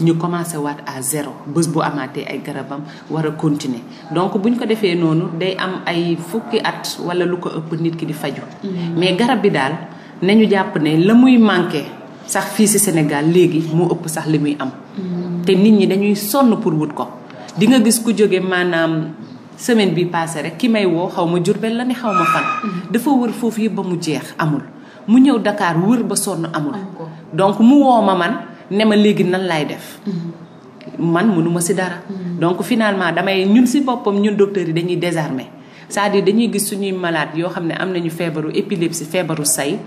ñu commencé waat à zéro bés bu amaatee ay garabam war a continuer donc buñ ko defee noonu day am ay fukki at wala lu ko ëpp nit ki di faju mm-hmm. mais garab bi daal nañu jàpp ne la muy manqué sax fii si Sénégal léegi moo ëpp sax li muy am. Mm. te nit ñi dañuy sonn pour wut ko. di nga gis ku jóge maanaam semaine bi passé rek ki may woo xaw ma Jurbel la ne xaw ma fan. Mm-hmm. dafa wër foofu yëpp ba mu jeex amul. mu ñëw Dakar wër ba sonn amul. donc mu woo ma man ne ma léegi nan laay def. Mm-hmm. man mënuma si dara. Mm-hmm. donc finalement damay ñun si boppam ñun docteurs yi dañuy désarmer saa di dañuy gis suñuy malaat yoo xam ne am nañu feebaru épilepsie feebaru say.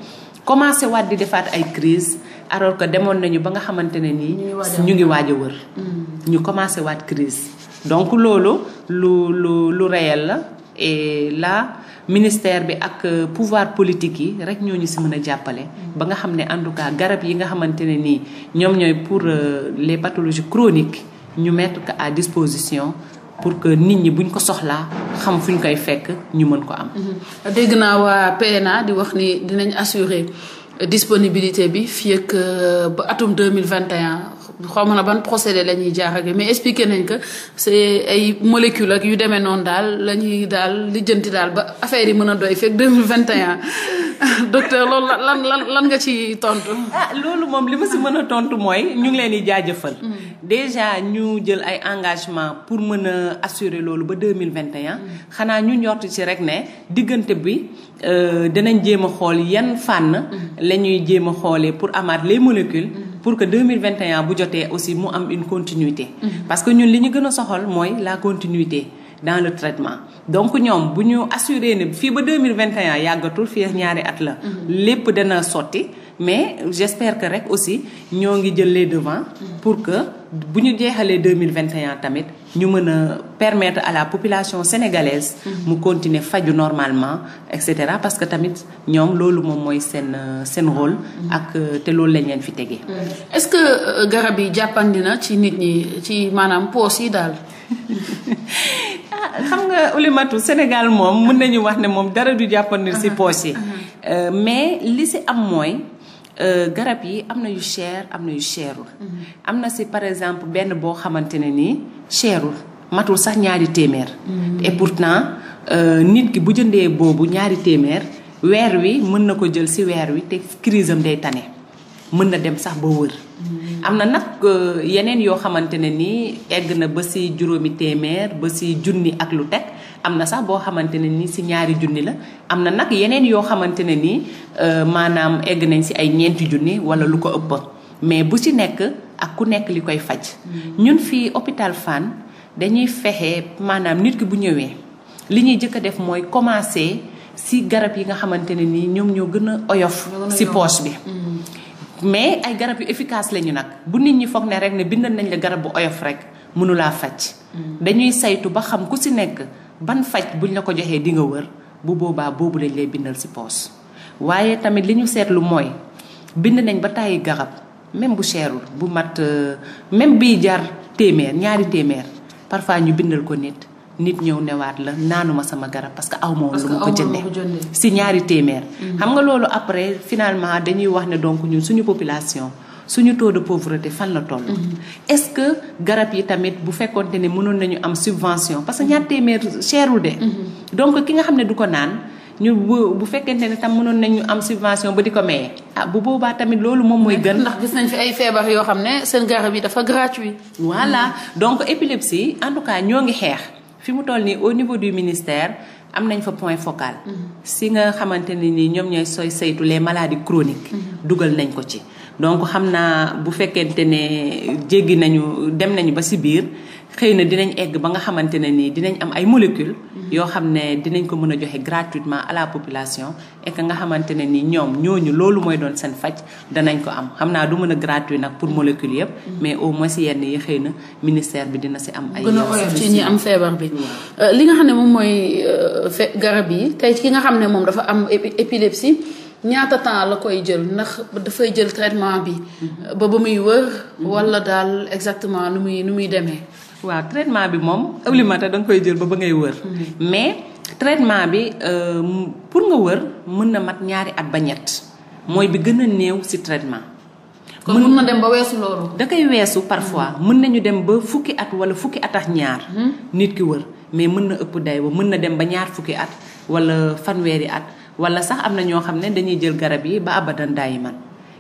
commencé waat di defaat ay crise alors que demoon nañu ba nga xamante ne nii. ñu ngi waaj a wër. Mm. ñu commencé waat crise donc loolu lu lu lu réel la et là ministère bi ak euh, pouvoir politique yi rek ñoo ñu si mën a jàppale. Mm. ba nga xam ne en tout cas garab yi nga xamante ne nii ñoom ñooy pour euh, les pathologies chroniques ñu mettre ko à disposition. pour que nit ñi buñ ko soxlaa xam fuñ koy fekk ñu mën ko am. Mm-hmm. dégg naa waa PNA di wax ni dinañ assurer disponibilité bi fii ak euh, ba atum deux mille vingt xaw ma na ban procédé la ñuy jaar mais expliqué nañ ko c'est ay molécules ak yu demee noonu daal la ñuy daal lijjanti daal ba affaire yi mën a doy fekk 2021 docteur loolu lan lan lan nga ci tontu. Ah, loolu moom li ma si mën a tontu mooy ñu ngi leen di jaajëfal. Mm. déjà ñu jël ay engagement pour mën a assurer loolu ba deux mille 2021. Mm. xanaa ñu ñort ci rek ne diggante bi euh, dinañ jéem a xool yan fànn. Mm. la ñuy jéem a xoolee pour amaat les molécules. pour que mille 2021 bu jotee aussi mu am une continuité. Mm-hmm. parce que ñun li ñu gën a soxal mooy la continuité dans le traitement. donc ñoom bu ñu assuré ne fii ba 2021 yàggatul fii ñaari at la. Mm-hmm. lépp dana sotti. mais j'espère que rek aussi ñoo ngi jël les devants pour que bu ñu jeexalee 2021 tamit ñu mën a permettre à la population sénégalaise mu continuer faju normalement et cetera parce que tamit ñoom loolu moom mooy seen seen rôle ak te loolu lañ leen fi tegee mm. est-ce que euh, garab yi jàppandi na ci nit ñi ci maanaam poos yi daal ah, xam nga Oulimatou Sénégal moom mën nañu wax ne moom dara du jàppandi ci poos yi euh, mais li si am mooy Euh, garab yi am na yu cher am na yu cherul. Mm-hmm. am na si par exemple benn boo xamante ne nii cherul matul sax ñaari téeméer. Mm-hmm. et pourtant euh, nit ki bu jëndee boobu ñaari téeméer weer wi mën na ko jël si weer wi te crise am day tane mën na dem sax ba wër. Mm-hmm. am na nag euh, yeneen yoo xamante ne nii egg na ba si juróomi téeméer ba si junni ak lu teg. am na sax boo xamante ne nii si ñaari junni la am na nag yeneen yoo xamante ne nii euh, maanaam egg nañ si ay ñeenti junni wala lu ko ëpp mais bu si nekk ak ku nekk li koy faj. Mm. ñun fii hôpital Fann dañuy fexe maanaam nit ki bu ñëwee li ñuy jëkk a def mooy commencer si garab yi nga xamante ne nii ñoom ñoo gën a oyof. si poche bi. Mm. mais ay garab yu efficace lañu nag bu nit ñi foog ne rek ne bindal nañ la garab bu oyof rek. mënulaa faj. Mm. dañuy saytu ba xam ku si nekk ban faj buñ la ko joxee di nga wër bu boobaa boobu lañ lay bindal si poos waaye tamit li ñu seetlu mooy bind nañ ba tàyyi garab même bu cherul bu mat euh, même biy jar téeméer ñaari téeméer parfois ñu bindal ko nit nit ñëw newaat la naanuma sama garab parce que aw ma woon lu ma ko jëndee si ñaari téeméer mm. xam nga loolu après finalement dañuy wax ne donc ñun suñu population suñu taux de pauvreté fan la toll. Mhm. est-ce que garab yi tamit bu fekkoonte ne mënoon nañu am subvention parce que ñaar mhm. téeméer cherul de. Mhm. donc ki nga xam ne du ko naan. ñu bu fekkente ne tam mënoon nañu am subvention ba di ko maye. ah bu boobaa tamit loolu moom mooy gën. ndax gis nañ fi ay feebar yoo xam ne seen garab yi dafa gratuit. voilà donc épilepsie en tout cas ñoo ngi xeex fi mu toll nii au niveau du ministère am nañ fa point focal. si nga xamante ne ni ñoom ñooy sooy saytu les maladies chroniques. dugal nañ ko ci. donc xam naa bu fekkente ne jéggi nañu dem nañu ba si biir xëy na dinañ egg ba nga xamante ne nii dinañ am ay molécules. Mhm. yoo xam ne dinañ ko mën a joxe gratuitement à la population. nga xamante ne nii ñoom ñooñu loolu mooy doon seen faj danañ ko am xam naa du mën a gratuit nag pour molécule yëpp. Mhm. mais au moins yenn yi xëy na ministère bi dina si am. ay gën a am feebar bi. Euh, li nga xam ne moom mooy euh, garab yi tey ki nga xam ne moom dafa am épilepsie. ñaata temps la koy jël ndax dafay jël traitement bi. ba ba muy wër. walla daal exactement nu muy nu muy demee. waaw traitement bi moom Oulimata da nga koy jël ba ba ngay wër. Mhm. mais traitement bi euh, pour nga wër mën na mat ñaari at ba ñett mooy bi gën a néew ci traitement. mën na dem ba weesu loolu. weesu parfois mhm. mën nañu dem ba fukki at wala fukki at ñaar. Mhm. nit ki wër mais mën na ëpp day ba mën na dem ba ñaar fukki at wala fanweeri at. wala sax am na ñoo xam ne dañuy jël garab yi ba abadan daayi man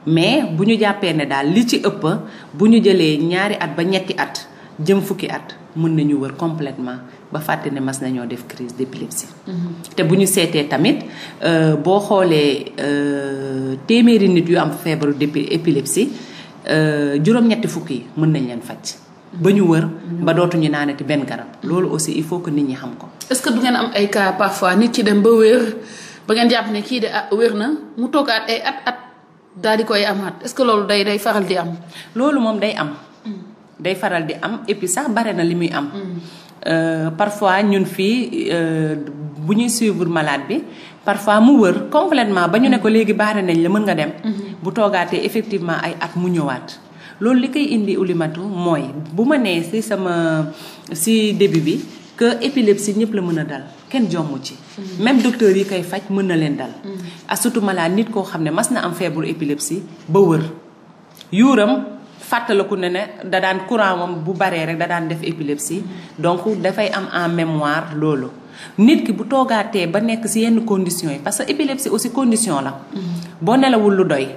mais bu ñu jàppee ne daal li ci ëpp bu ñu jëlee ñaari at ba ñetti at jëm fukki at mën nañu wër completement ba fàtte ne mas nañoo def crise d'épilepsie mhm. te bu ñu seetee tamit euh, boo xoolee euh, téeméeri nit yu am feebaru d'épilepsie euh, juróom-ñetti fukk yi mën nañ leen faj ba ñu wër mhm. ba dootuñu naanati benn garab loolu aussi il faut que nit ñi xam ko est du ngeen am ay cas parfois nit ki dem ba ba ngeen jàpp ne kii de ah wér na mu toogaat ay at at daal di koy amaat est-ce que loolu day day faral di am. loolu moom day am. Hmm. day faral di am et sax bare na li muy am. Hmm. Euh, parfois ñun fii euh, bu ñuy suivre malaat bi parfois mu wër complètement ba ñu ne ko léegi baare nañ la mën nga dem. Hmm. bu toogaatee effectivement ay at mu ñëwaat. loolu li koy indi ulimatu mooy bu ma nee ci sama ci début bi. que épilepsie ñëpp la mën a dal kenn jomm ci. même docteur yi koy faj mën na leen dal. Mm-hmm. surtout malade nit koo xam ne mas na am feebaru épilepsie ba wër yuuram fàttaliku ne ne da daan courant moom bu baree rek da daan def épilepsie donc dafay am en mémoire loolu. nit ki bu toogaatee ba nekk ci yenn conditions yi parce que épilepsie aussi condition la. Mm-hmm. boo nelawul lu doy.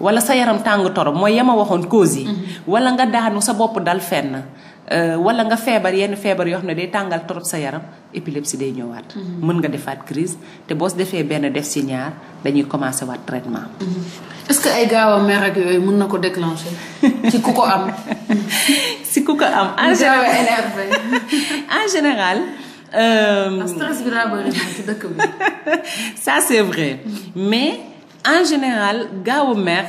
wala sa yaram tàng torop mooy yama waxoon cause yi. Mm-hmm. wala nga daanu sa bopp dal fenn. Euh, wala nga feebar yenn feebar yoo xam ne day tàngal trop sa yaram épilepsie day ñëwaat. Mhm. mën nga defaat crise te boo si defee benn def si ñaar dañuy commencé waat traitement. Mhm. est que ay gaaw a ak yooyu mën na ko déclencher ci ku ko am. ko am en général en général. Euh, stress bi daa bëri mhm. mais en général gaaw a mer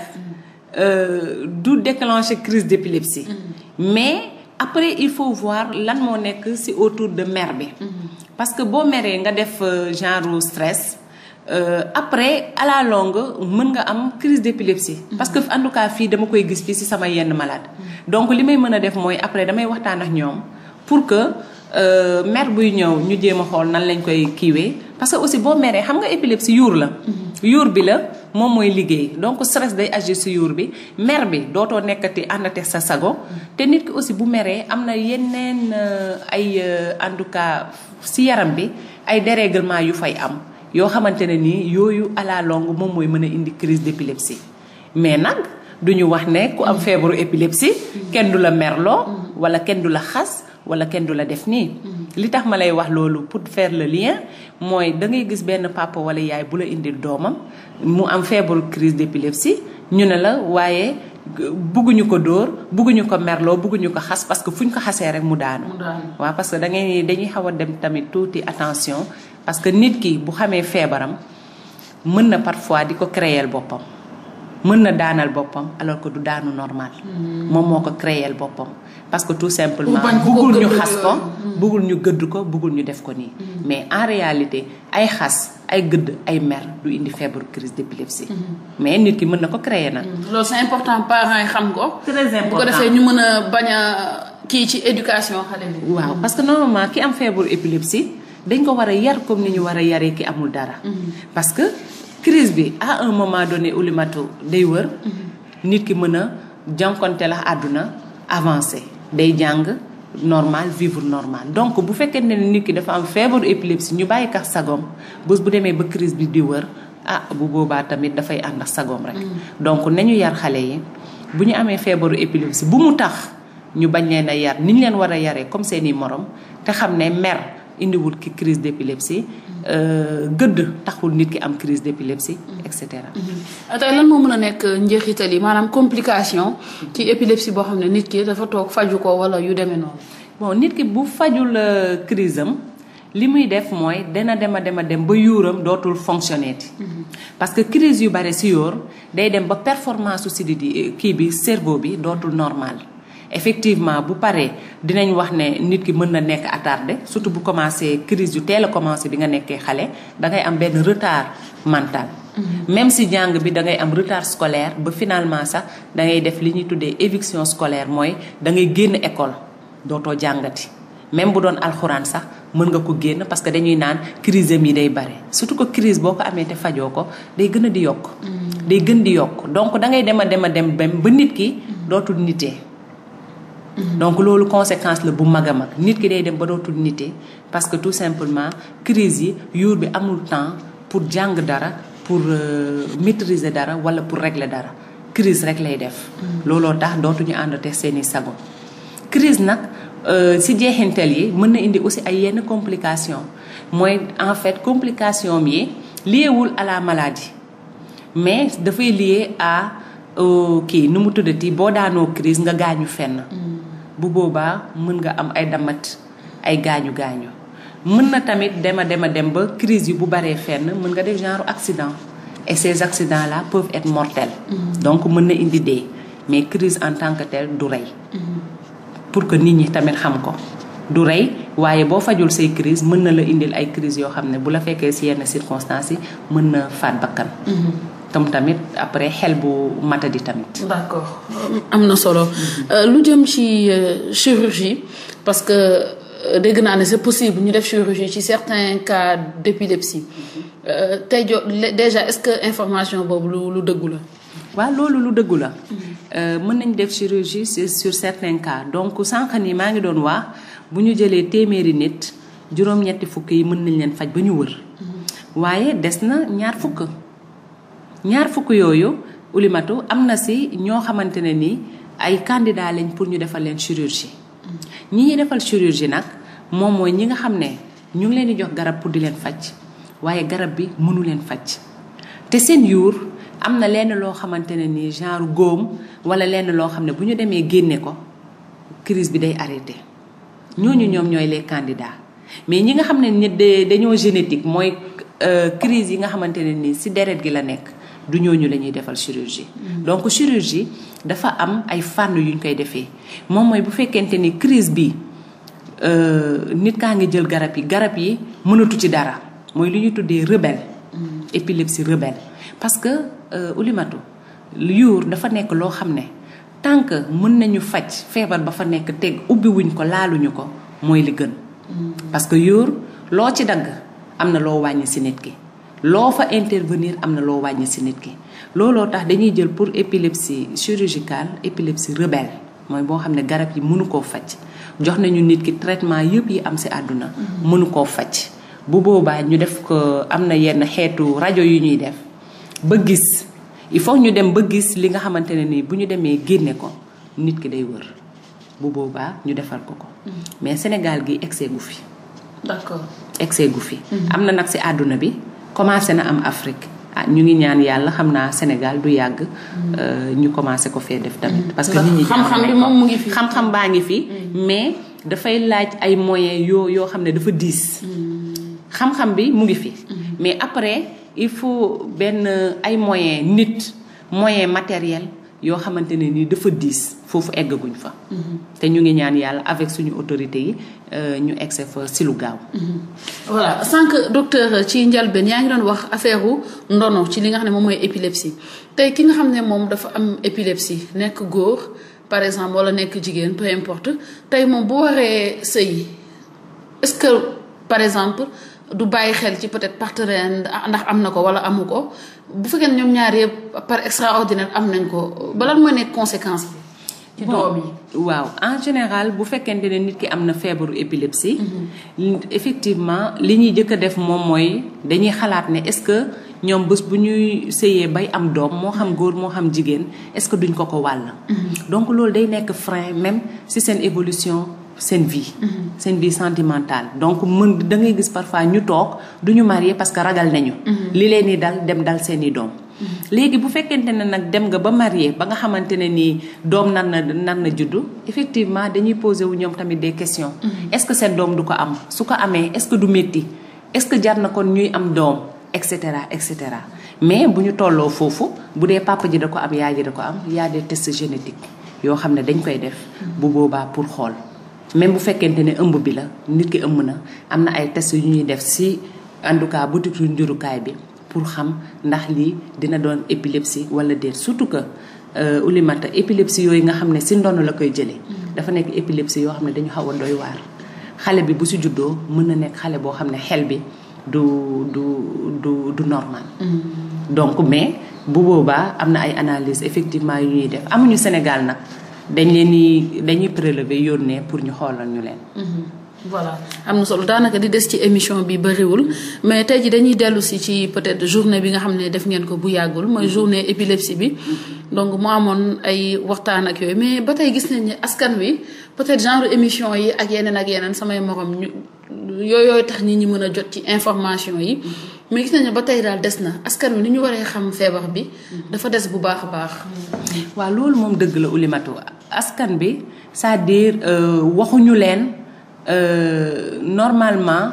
euh, du déclencher crise d'épilepsie mais. après il faut voir lan moo nekk ci autour de mer bi. Mhm. parce que boo meree nga def euh, genre stress. Euh, après à mën nga am crise d'épilepsie mm -hmm. parce que en tout cas fii dama koy gis fii ci sama yenn malade mm donc li may mën a def mooy après damay waxtaan ak ñoom pour que euh, mer buy ñëw ñu jéem a xool nan lañ koy kiiwee parce que aussi boo meree xam nga épilepsie yuur la mhm. yuur bi la moom mooy liggéey donc stress day agir si yuur bi mer bi dootoo nekkati àndate sa sago te nit ki aussi bu meree am na yeneen euh, ay euh, en tout cas si yaram bi ay dérèglement yu fay am yoo xamante ne nii yooyu à la moom mooy mën a indi crise d'épilepsie mais nag du ñu wax ne ku am feebaru épilepsie kenn du la merloo mm-hmm. wala kenn du la xas wala kenn du la def nii. Mhm. li tax ma lay wax loolu pour fair la lien mooy da ngay gis benn papa wala yaay bu la indil doomam mu am faible crise d'épilepsie ñu ne la waaye bugguñu ko dóor bugguñu ko merloo bugguñu ko xas parce que fuñ ko xasee rek mu daanu. waa parce que da ngay dañuy xaw a dem tamit tuuti attention parce que nit ki bu xamee feebaram mën na parfois di ko créer boppam. mën na daanal boppam alors que du daanu normal. Mm-hmm. moom moo ko créer boppam. parce que tout simplement bëggul ñu xas ko mm-hmm. bëggul ñu gëdd ko buggul ñu def ko nii. Mm-hmm. mais en réalité ay xas ay gëdd ay mer du indi feebaru crise d'épilepsie. mais nit ki mën na ko créer nag. loolu c'est important parents yi xam ko. très important bu ko defee ñu mën a bañ a kii ci éducation xale bi. waaw parce que normalement ki am feebaru épilepsie dañ ko war a yar comme ni ñu war a yaree ki amul dara. parce crise bi ah un moment donné Oulimatou day wër nit ki mën a jànkonte la àdduna avancé day jàng normal vivre normal donc bu fekkee ne nit ki dafa am feebaru épilepsie ñu bàyyi kax sagoom bés bu demee ba crise bi di wër ah bu boobaa tamit dafay ànd ak sagoom rek mm. donc ñu yar xale yi bu ñu amee feebaru épilepsie bu mu tax ñu bañ leen a yar ni ñu leen war a yaree comme seeni morom te xam ne mer indiwul ki crise d'épilepsie Euh, gëdd taxul nit ki am crise d'épilepsie mhm. et cetera. Mhm. lan moo mën a nekk njeexital yi maanaam complication ci épilepsie boo xam ne nit ki dafa toog faju ko wala yu demee noonu. bon nit ki bu fajul euh, crise am li muy def mooy dana dem a dem a dem ba yuuram dootul fonctionner ti mhm. que crise yu bare si yoor day dem ba performance su sidit yi kii bi cerveau bi dootul normal. effectivement bu paree dinañ wax ne nit ki mën na nekk attardé surtout bu commencé crise yu teel a commencé bi nga nekkee xale da ngay am benn retard mental. Mm-hmm. même si jàng bi da ngay am retard scolaire ba finalement sax da ngay def li ñuy tuddee éviction scolaire mooy da ngay génn école dootoo jàngati. même bu doon alxuraan sax mën nga ko génn parce que dañuy naan crise yi day bare surtout que crise boo ko amee te fajoo ko day gën a di yokk. Mm-hmm. day gën di yokk donc da ngay dem a dem a dem ba nit ki mm-hmm. dootul nitee. donc loolu conséquence la bu mag a mag nit ki day dem ba dootul nite parce que tout simplement crise yi yuur bi amul temps pour jàng dara pour euh, maîtriser dara wala pour régler dara crise rek lay def. looloo tax dootuñu àndate seeni sago crise nag euh, si jeexintal yi mën na indi aussi ay yenn complication mooy en fait complication yi liéwul à la maladie mais dafay lié à euh, kii nu mu tuddati boo daanoo crise nga gaañu fenn. Mm. bu boobaa mën nga am ay damat ay gaañu gaañu mën na tamit dema dema dem ba crise yi bu baree fenn mën nga def genre accident et ces accidents là peuvent être mortels mm-hmm. donc mën na indi dee mais crise en tant que telle du rey mm-hmm. pour que nit ñi tamit xam ko du rey waaye boo fajul say crise mën na la indil ay crise yoo xam ne bu la fekkee si yenn circonstances yi mën na faat bakkan mm-hmm. tam tamit après xel bu di tamit. d'accord am na solo euh, lu jëm ci euh, chirurgie parce que euh, dégg naa ne c'est possible ñu def chirurgie ci certains cas d'épilepsie tey jo déjà est-ce que information boobu lu lu dëggu la. waaw loolu lu dëggu la. mën nañ def chirurgie sur certains cas donc sànq nii maa ngi doon waa bu ñu jëlee téeméeri nit juróom-ñetti fukk yi mën nañ leen faj ba ñu wër mhm. waaye des na ñaar fukk. ñaar fukk yooyu ulimatu am na si ñoo xamante ne ni ay candidat lañ pour ñu defal leen chirurgie mm. ñi ñuy defal chirurgie nag moom mooy ñi nga xam ne ñu ngi leen di jox garab pour di leen faj waaye garab bi munu leen faj te seen yuur am na lenn loo xamante ne ni genre góom wala lenn loo xam ne bu ñu demee génne ko crise bi day arrêté ñooñu ñoom ñooy les candidats mais ñi nga xam ne ñi dañoo génétique mooy euh, crise yi nga xamante ne nii si deret gi la nekk du ñooñu la ñuy defal chirurgie. Mm-hmm. donc chirurgie dafa am ay fànn yu ñu koy defee moom mooy bu fekkente ni crise bi euh, nit kaa ngi jël garab yi garab yi mënatu ci dara mooy li ñu tuddee rebelle. Mm-hmm. épilepsie rebelle parce que euh, ulimatu yuur dafa nekk loo xam ne tant que mën nañu faj feebar ba fa nekk teg ubbiwuñ ko laaluñu ko mooy li gën. Mm-hmm. parce que yuur loo ci dagg am na loo wàññi si nit ki. loo fa intervenir am na loo wàññi si nit ki looloo tax dañuy jël pour épilepsie chirurgicale épilepsie rebelle mooy boo xam ne garab yi mënu koo faj jox nañu nit ki traitement yëpp yi am si àdduna mm-hmm. mënu koo faj bu boobaa ñu def ko am na yenn xeetu rajo yu ñuy def ba gis il faut ñu dem ba gis li nga xamante ne nii bu ñu demee génne ko nit ki day wër bu boobaa ñu defal ko ko mm-hmm. mais Sénégal gi excès fi d'accord excès gu fi mm-hmm. am na nag si àdduna bi commencé na am Afrique ah ñu ngi ñaan yàlla xam naa Sénégal du yàgg. Euh, ñu commencé ko fee def tamit. Mm-hmm. parce que nit ñi xam moom mu ngi fi. xam-xam baa ngi fi mm-hmm. mais dafay laaj ay moyens yoo yoo xam ne dafa diis. Mm-hmm. xam-xam bi mu ngi fi. mais après il faut benn ay moyens nit moyen matériel. yoo xamante ne ni dafa diis foofu eggaguñ fa. Mm-hmm. te ñu ngi ñaan yàlla avec suñu autorité yi euh, ñu egg fa si lu gaaw. Mm-hmm. voilà sànq docteur ci njalbeen yaa ngi doon wax affaire wu ndono ci li nga xam ne moom mooy épilepsie tey ki nga xam ne moom dafa am épilepsie nekk góor par exemple wala nekk jigéen peu importe tey moom bu waree sëy est-ce par exemple. du bàyyi xel ci peut-être partenaire ndax am na ko wala amu ko bu fekkee ñoom ñaar yëpp par extraordinaire am nañ ko ba lan nekk conséquence bi. ci doom yi waaw en général bu fekkente ne nit ki am na feebaru épilepsie. Mhm. effectivement li ñuy jëkk a def moom mooy dañuy xalaat ne est-ce que ñoom bés bu ñuy sëyee bay am doom moo xam góor moo xam jigéen est-ce que duñ ko ko wàll. Mhm. donc loolu day nekk frein même si seen évolution. seen vie. Mm-hmm. seen vie sentimentale donc mën da ngay gis parfois ñu toog du ñu marié parce que ragal nañu. Mm-hmm. li leen di dal dem dal seen i doom. Mm-hmm. léegi bu fekkente ne nag dem nga ba marié ba nga xamante ne nii doom nan na nan na juddu effectivement dañuy posé wu ñoom tamit des question est-ce que seen doom du ko am su ko amee est-ce que du métti est-ce que jar na kon ñuy am doom et cetera et cetera mais bu ñu tolloo foofu bu dee papa ji da ko am yaay ji da ko am y a des tests génétiques yoo xam ne dañ koy def. même bu fekkente ne ëmb bi la nit ki ëmb na am na ay tests yu ñuy def si en tout cas butitu njurukaay bi pour xam ndax lii dina doon épilepsie wala déet surtout que euh, ulimata épilepsie yooyu nga xam ne si ndono la koy jëlee. Mm-hmm. dafa nekk épilepsie yoo xam ne dañu xaw a doy waar. xale bi bu si juddoo mën na nekk xale boo xam ne xel bi du du du du normal. Mm-hmm. donc mais bu boobaa am na ay analyses effectivement yu ñuy def amuñu Sénégal nag. dañ leen di dañuy prélever yónnee pour ñu xoolal ñu leen. Mhm. voilà am na solo daanaka di des ci émission bi bëriwul mais tey ji dañuy dellu si ci peut-être journée bi nga xam ne def ngeen ko bu yàggul mooy mhm. journée épilepsie bi donc moo amoon ay waxtaan ak yooyu mais ba tey gis nañ ne askan wi peut-être genre émission yi ak yeneen ak yeneen samay morom ñu yooyu tax nit ñi mën a jot ci information yi mhm. mais gis nañu ba tey daal des na askan wi ni ñu waree xam feebar bi dafa des bu baax a baax. waaw loolu moom dëgg la Oulimatou askan bi c'est-à-dire euh, waxuñu leen euh, normalement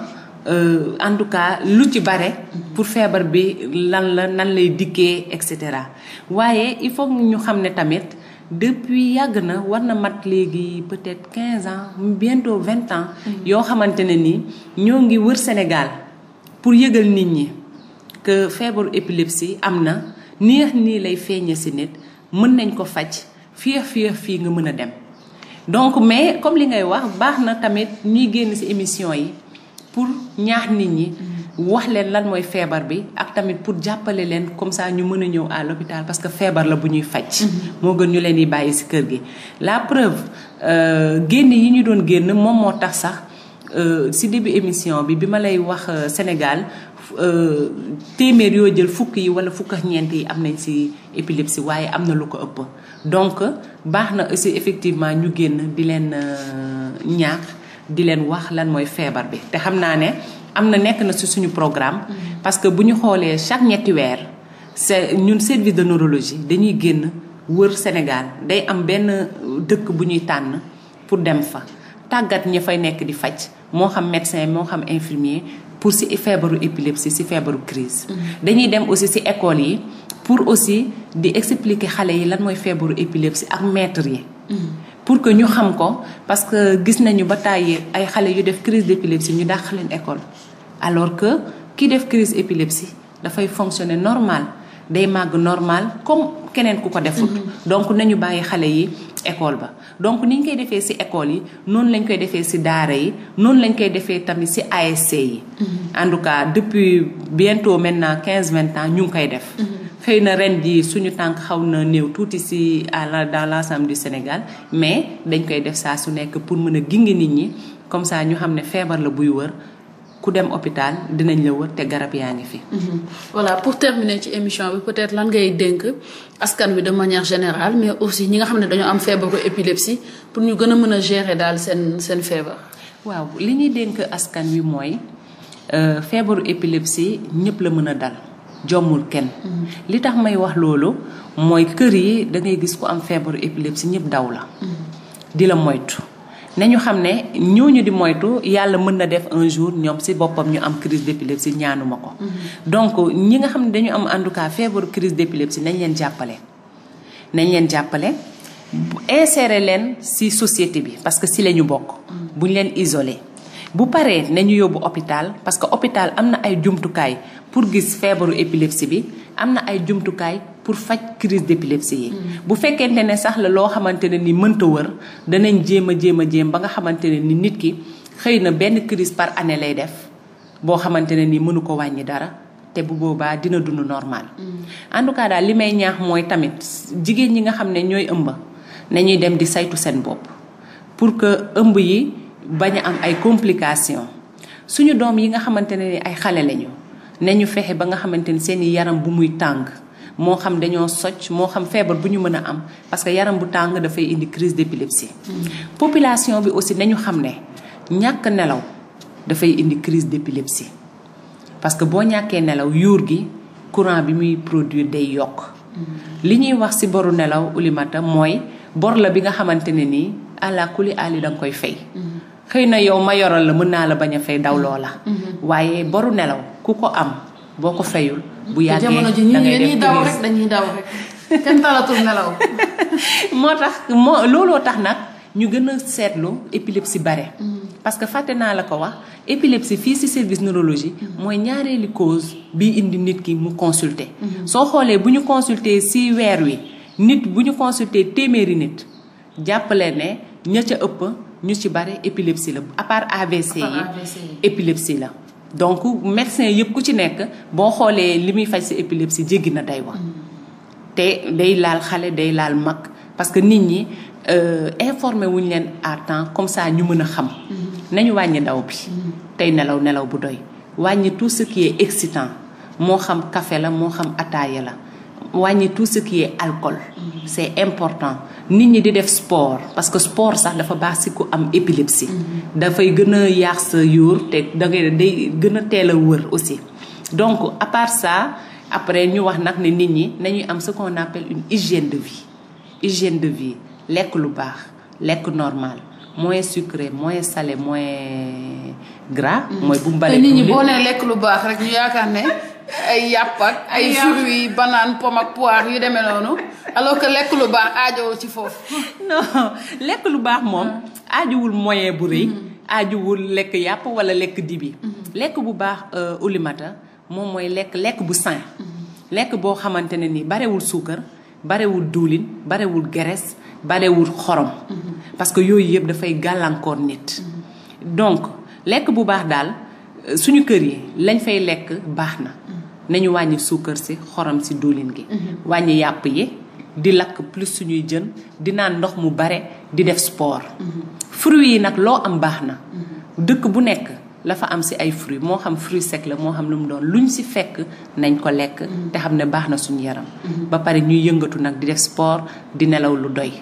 euh, en tout cas lu ci bare pour feebar bi lan la nan lay dikkee et cetera waaye il faut ñu xam ne tamit depuis yàgg na war na mat léegi peut-être quinze ans bientôt vingt ans mm. yoo xamante ne nii ñoo ngi wër Sénégal pour yëgal nit ñi que feebaru épilepsie am na nii nii lay feeñe si nit mën nañ ko faj fiix fiix fii nga mën a dem donc mais comme li ngay wax baax na tamit ñuy génn ci émission yi pour ñaax nit ñi wax leen lan mooy feebar bi ak tamit pour jàppale leen comme ça ñu mën a ñëw à l'hôpital parce que feebar la bu ñuy faj mm-hmm. moo gën ñu leen di bàyyi ci kër gi la preuve euh, génn yi ñu doon génn moom moo tax sax euh, ci début émission bi bi ma lay wax euh, Sénégal Euh, téeméer yoo jël fukk yi wala fukk ñeent yi am nañ ci épilepsie waaye am na lu ko ëpp donc baax na aussi effectivement ñu génn di leen euh, ñaax di leen wax lan mooy feebar bi te xam naa ne am na nekk na ci suñu programme mm-hmm. parce que bu ñu xoolee chaque ñetti weer c'est ñun service de neurologie dañuy génn wër Sénégal day am benn dëkk bu ñuy tànn pour dem fa tàggat ña fay nekk di faj moo xam médecin moo xam infirmier pour si feebaru épilepsie si feebaru crise dañuy dem aussi si école yi pour aussi di expliquer xale yi lan mooy feebaru épilepsie ak metre yi pour que ñu xam ko parce que gis nañu ba tàyyee ay xale yu def crise d'épilepsie ñu dàq leen école alors que ki def crise épilepsie dafay fonctionner normal day màgg normal comme keneen ku ko defut mm-hmm. donc nañu bàyyi xale yi école ba donc ni koy defee ci école yi noonu lañ koy defee ci daara yi noonu lañ koy defee tamit ci ASC yi. Mm-hmm. en tout cas depuis bientôt maintenant quinze vingt ans ñu ngi koy def. Mm-hmm. xëy na ren ji suñu tànk xaw na néew tuuti ci dans l'ensemble du Sénégal mais dañ koy def saa su nekk pour mën a gingi nit ñi comme ça ñu xam ne feebar la buy wër. ku dem hôpital dinañ la wër te garab yaa ngi fi. Mhm. voilà pour terminer ci émission bi peut-être lan ngay dénk askan wi de manière générale mais aussi ñi nga xam ne dañoo am feebaru épilepsie pour ñu gën a mën a gérer daal seen seen feebar. waaw li ñuy dénk askan wi mooy euh, feebaru épilepsie ñëpp la mën a dal jommul kenn. Mhm. li tax may wax loolu mooy kër yi da ngay gis ku am feebaru épilepsie ñëpp daw la. Mhm. di la moytu. nañu xam ne ñu di moytu yàlla mën na def un jour ñoom si boppam ñu am crise d'épilepsie ñaanuma ko mhm. donc ñi nga xam ne dañu am en tout cas feebaru crise d'épilepsie nañ leen jàppale nañ leen jàppale insérer leen si société bi parce que si la ñu bokk mhm. buñ leen isolé bu paree nañu yóbbu hôpital parce que hôpital am na ay jumtukaay pour gis feebaru épilepsie bi am na ay jumtukaay pour faj crise d'épilepsie yi bu fekkente ne sax la loo xamante ne ni mënta wër danañ jéem a jéem a jéem ba nga xamante ne ni nit ki xëy na benn crise par année lay def boo xamante ne ni mënu ko wàññi dara te bu boobaa dina dund normal mm. en tout cas daal li may ñaax mooy tamit jigéen ñi nga xam ne ñooy ëmb nañuy dem di saytu seen bopp pour que ëmb yi bañ a am ay complications suñu doom yi nga xamante ne ni ay xale lañu ne ñu fexe ba nga xamante ni seeni yaram bu muy tàng moo xam dañoo socc moo xam feebar bu ñu mën a am parce que yaram bu tàng dafay indi crise d'épilepsie. Mm. population bi aussi nañu xam ne ñàkk nelaw dafay indi crise d'épilepsie parce que boo ñàkkee nelaw yuur gi courant bi muy produit day yokk. Mm. li ñuy wax ci boru nelaw ulimata mooy bor la bi nga xamante ne nii àla kuli da nga koy fay. Mm. xëy na yow ma yoral la mën naa la bañ a fay daw la mm-hmm. waaye boru nelaw. ku ko am boo ko fayul. bu yàggee jamono ji ñuy daw rek dañuy daw rek nelaw. moo tax moo looloo tax nag ñu gën a seetlu épilepsie bare. Mm. parce que fàtte naa la ko wax épilepsie fii ci service neurologie. Mm. mooy ñaareeli cause bi indi nit ki mu consulter. Mm. soo xoolee bu ñu consulter ci weer wi nit bu ñu consulter téeméeri nit jàppale ne ña ca ëpp ñu ci bare épilepsie la à part AVC yi épilepsie la. donc médecin yëpp ku ci nekk boo xoolee li muy faj sa épilepsie jéggi na day wax te day laal xale day laal mag parce que nit ñi euh, informé wuñ leen à temps comme ça ñu mën a xam nañu wàññi daw bi tey nelaw nelaw bu doy wàññi tout ce qui moo xam kafe la moo xam ataaya la wàññi tout ce qui est important nit ñi di def sport parce que sport sax dafa baax si ku am épilepsie. Mm-hmm. dafay gën a yaax sa yóor te da ngay day gën a teel a wër aussi. donc à part ça après ñu wax nag ne nit ñi nañuy am ce qu'on appelle une hygiène de vie hygiène de vie lekk lu baax lekk normal mooy sucré moins salé moins gras. Mm-hmm. mooy bu mu boo nee lekk lu baax rek ñu yaakaar ne. ay yàpp ak ay fruits banaan pomme ak poire yu demee noonu alors que lekk lu baax aajowul ci foofu. non lekk lu baax moom ah. aajowul moyen bu rëy. Mm-hmm. aajowul lekk yàpp wala lekk dibi. Mm-hmm. lekk bu baax ulimata euh, moom mooy lekk lekk bu sain. Mm-hmm. lekk boo xamante ne ni barewul suukar barewul duulin barewul gerees barewul xorom. parce que yooyu yëpp dafay gàllankoor nit. donc lekk bu baax daal euh, suñu kër yi lañ fay lekk baax na. nañu wàññi suukar si xorom si diwlin gi. Mhm. wàññi yàpp yi di lakk plus suñuy jën di naan ndox mu bare di def spoor mhm. fruits yi nag loo am baax na. Mhm. dëkk bu nekk lafa am si ay fruits moo xam fruit sec la moo xam lu mu doon lu ñu si fekk nañ ko lekk. te xam ne baax na suñu yaram. ba pare ñuy yëngatu nag di def sport di nelaw lu doy.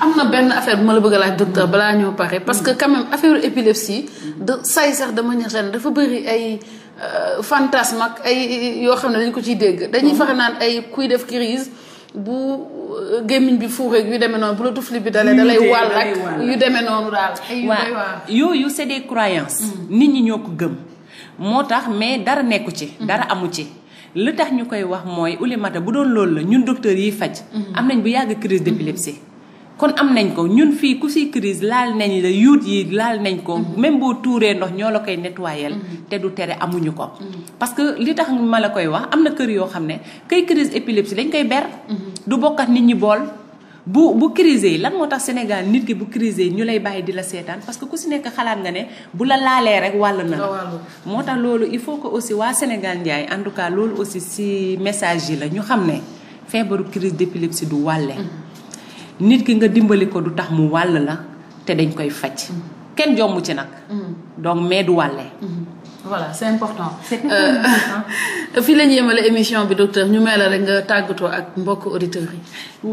am na benn affaire bu ma la bëgg a laaj docteur balaa ñoo pare parce que quand même affaire épilepsie de say sax de manière générale dafa bëri ay. Euh, fantasme ak ay yoo xam ne dañ ko ci dégg dañuy mhm. fexe naan ay kuy def crise bu euh, gémmiñ bi fuureeg yu demee noonu bu la tufli bi dalee dalay wàll ak yu demee noonu daal waaw yooyu c'est des croyances mhm. nit ñi ñoo ko gëm moo tax mais dara nekku ci mhm. dara amu ci li tax ñu koy wax mooy ulimata bu doon loolu la ñun docteur yi faj am nañ bu yàgg crise d'épilepsie kon am nañ ko ñun fii ku si crise laal nañ la yuut yi laal nañ ko mm-hmm. même boo tuuree ndox ñoo la koy nettoyel mm-hmm. te du tere amuñu ko mm-hmm. parce que li tax ma la koy wax am na kër yoo xam ne kay crise épilepsie dañ koy ber du bokkat nit ñi bool bu bu crise yi lan moo tax Sénégal nit ki bu crise yi ñu lay bàyyi di la seetaan parce que ku si nekk xalaat nga ne bu la laalee rek wàll na moo tax loolu il faut que aussi waa Sénégal Ndiaye en tout cas loolu aussi si message yi la ñu xam ne feebaru crise d'épilepsie du wàlle nit ki nga dimbali ko du tax mu wàll la te dañ koy faj. Mm. kenn jommu ci nag. Mm. donc mais du wàlle. Mm. voilà c'est important. Euh, fii la ñu émission bi docteur ñu may la nga tàggatoo ak mbokk auditeurs yi.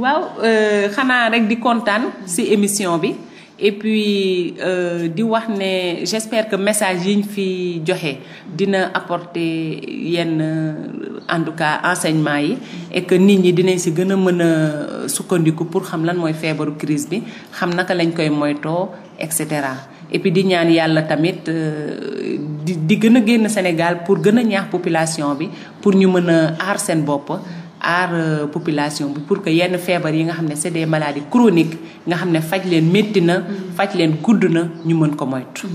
waaw euh, xanaa rek di kontaan si émission bi. et puis euh, di wax ne j'espère que message yi ñu fi joxe dina apporter yenn euh, en tout cas enseignement yi et que nit ñi dinañ si gën a mën a sukkandiku pour xam lan mooy feebaru crise bi xam naka lañ koy moytoo et cetera et di ñaan yàlla tamit euh, di di gën a génn Sénégal pour gën a ñaax population bi pour ñu mën a aar seen bopp aar euh, population bi pour que yenn feebar yi nga xam ne c'est des maladies kronique nga xam ne faj leen métti na. faj leen gudd na ñu mën ko moytu.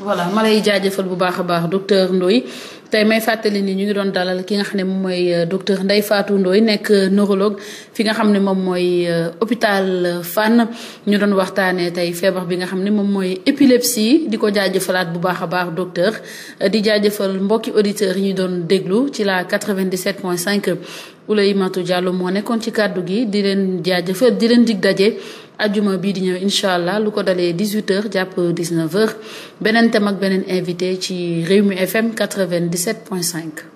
voilà ma lay jaajëfal bu baax a baax docteur Ndoye tey may fàttali ni ñu ngi doon dalal ki nga xam ne moom mooy euh, docteur Ndeye Fatou Ndoye nekk euh, neurologue fi nga xam ne moom mooy hôpital fànn ñu doon waxtaanee tey feebar bi nga xam ne moom mooy épilepsie di ko jaajëfalaat bu baax a baax docteur di jaajëfal mbokki auditeurs yi ñu doon déglu ci la cinq Ouleymatou Diallo moo nekkoon ci kàddu gi di leen jaajëfal di leen dig daje ajuma bii di ñëw incha allah lu ko dalee 18h jàpp 19h beneen thème ak beneen invité ci réew mi FM cinq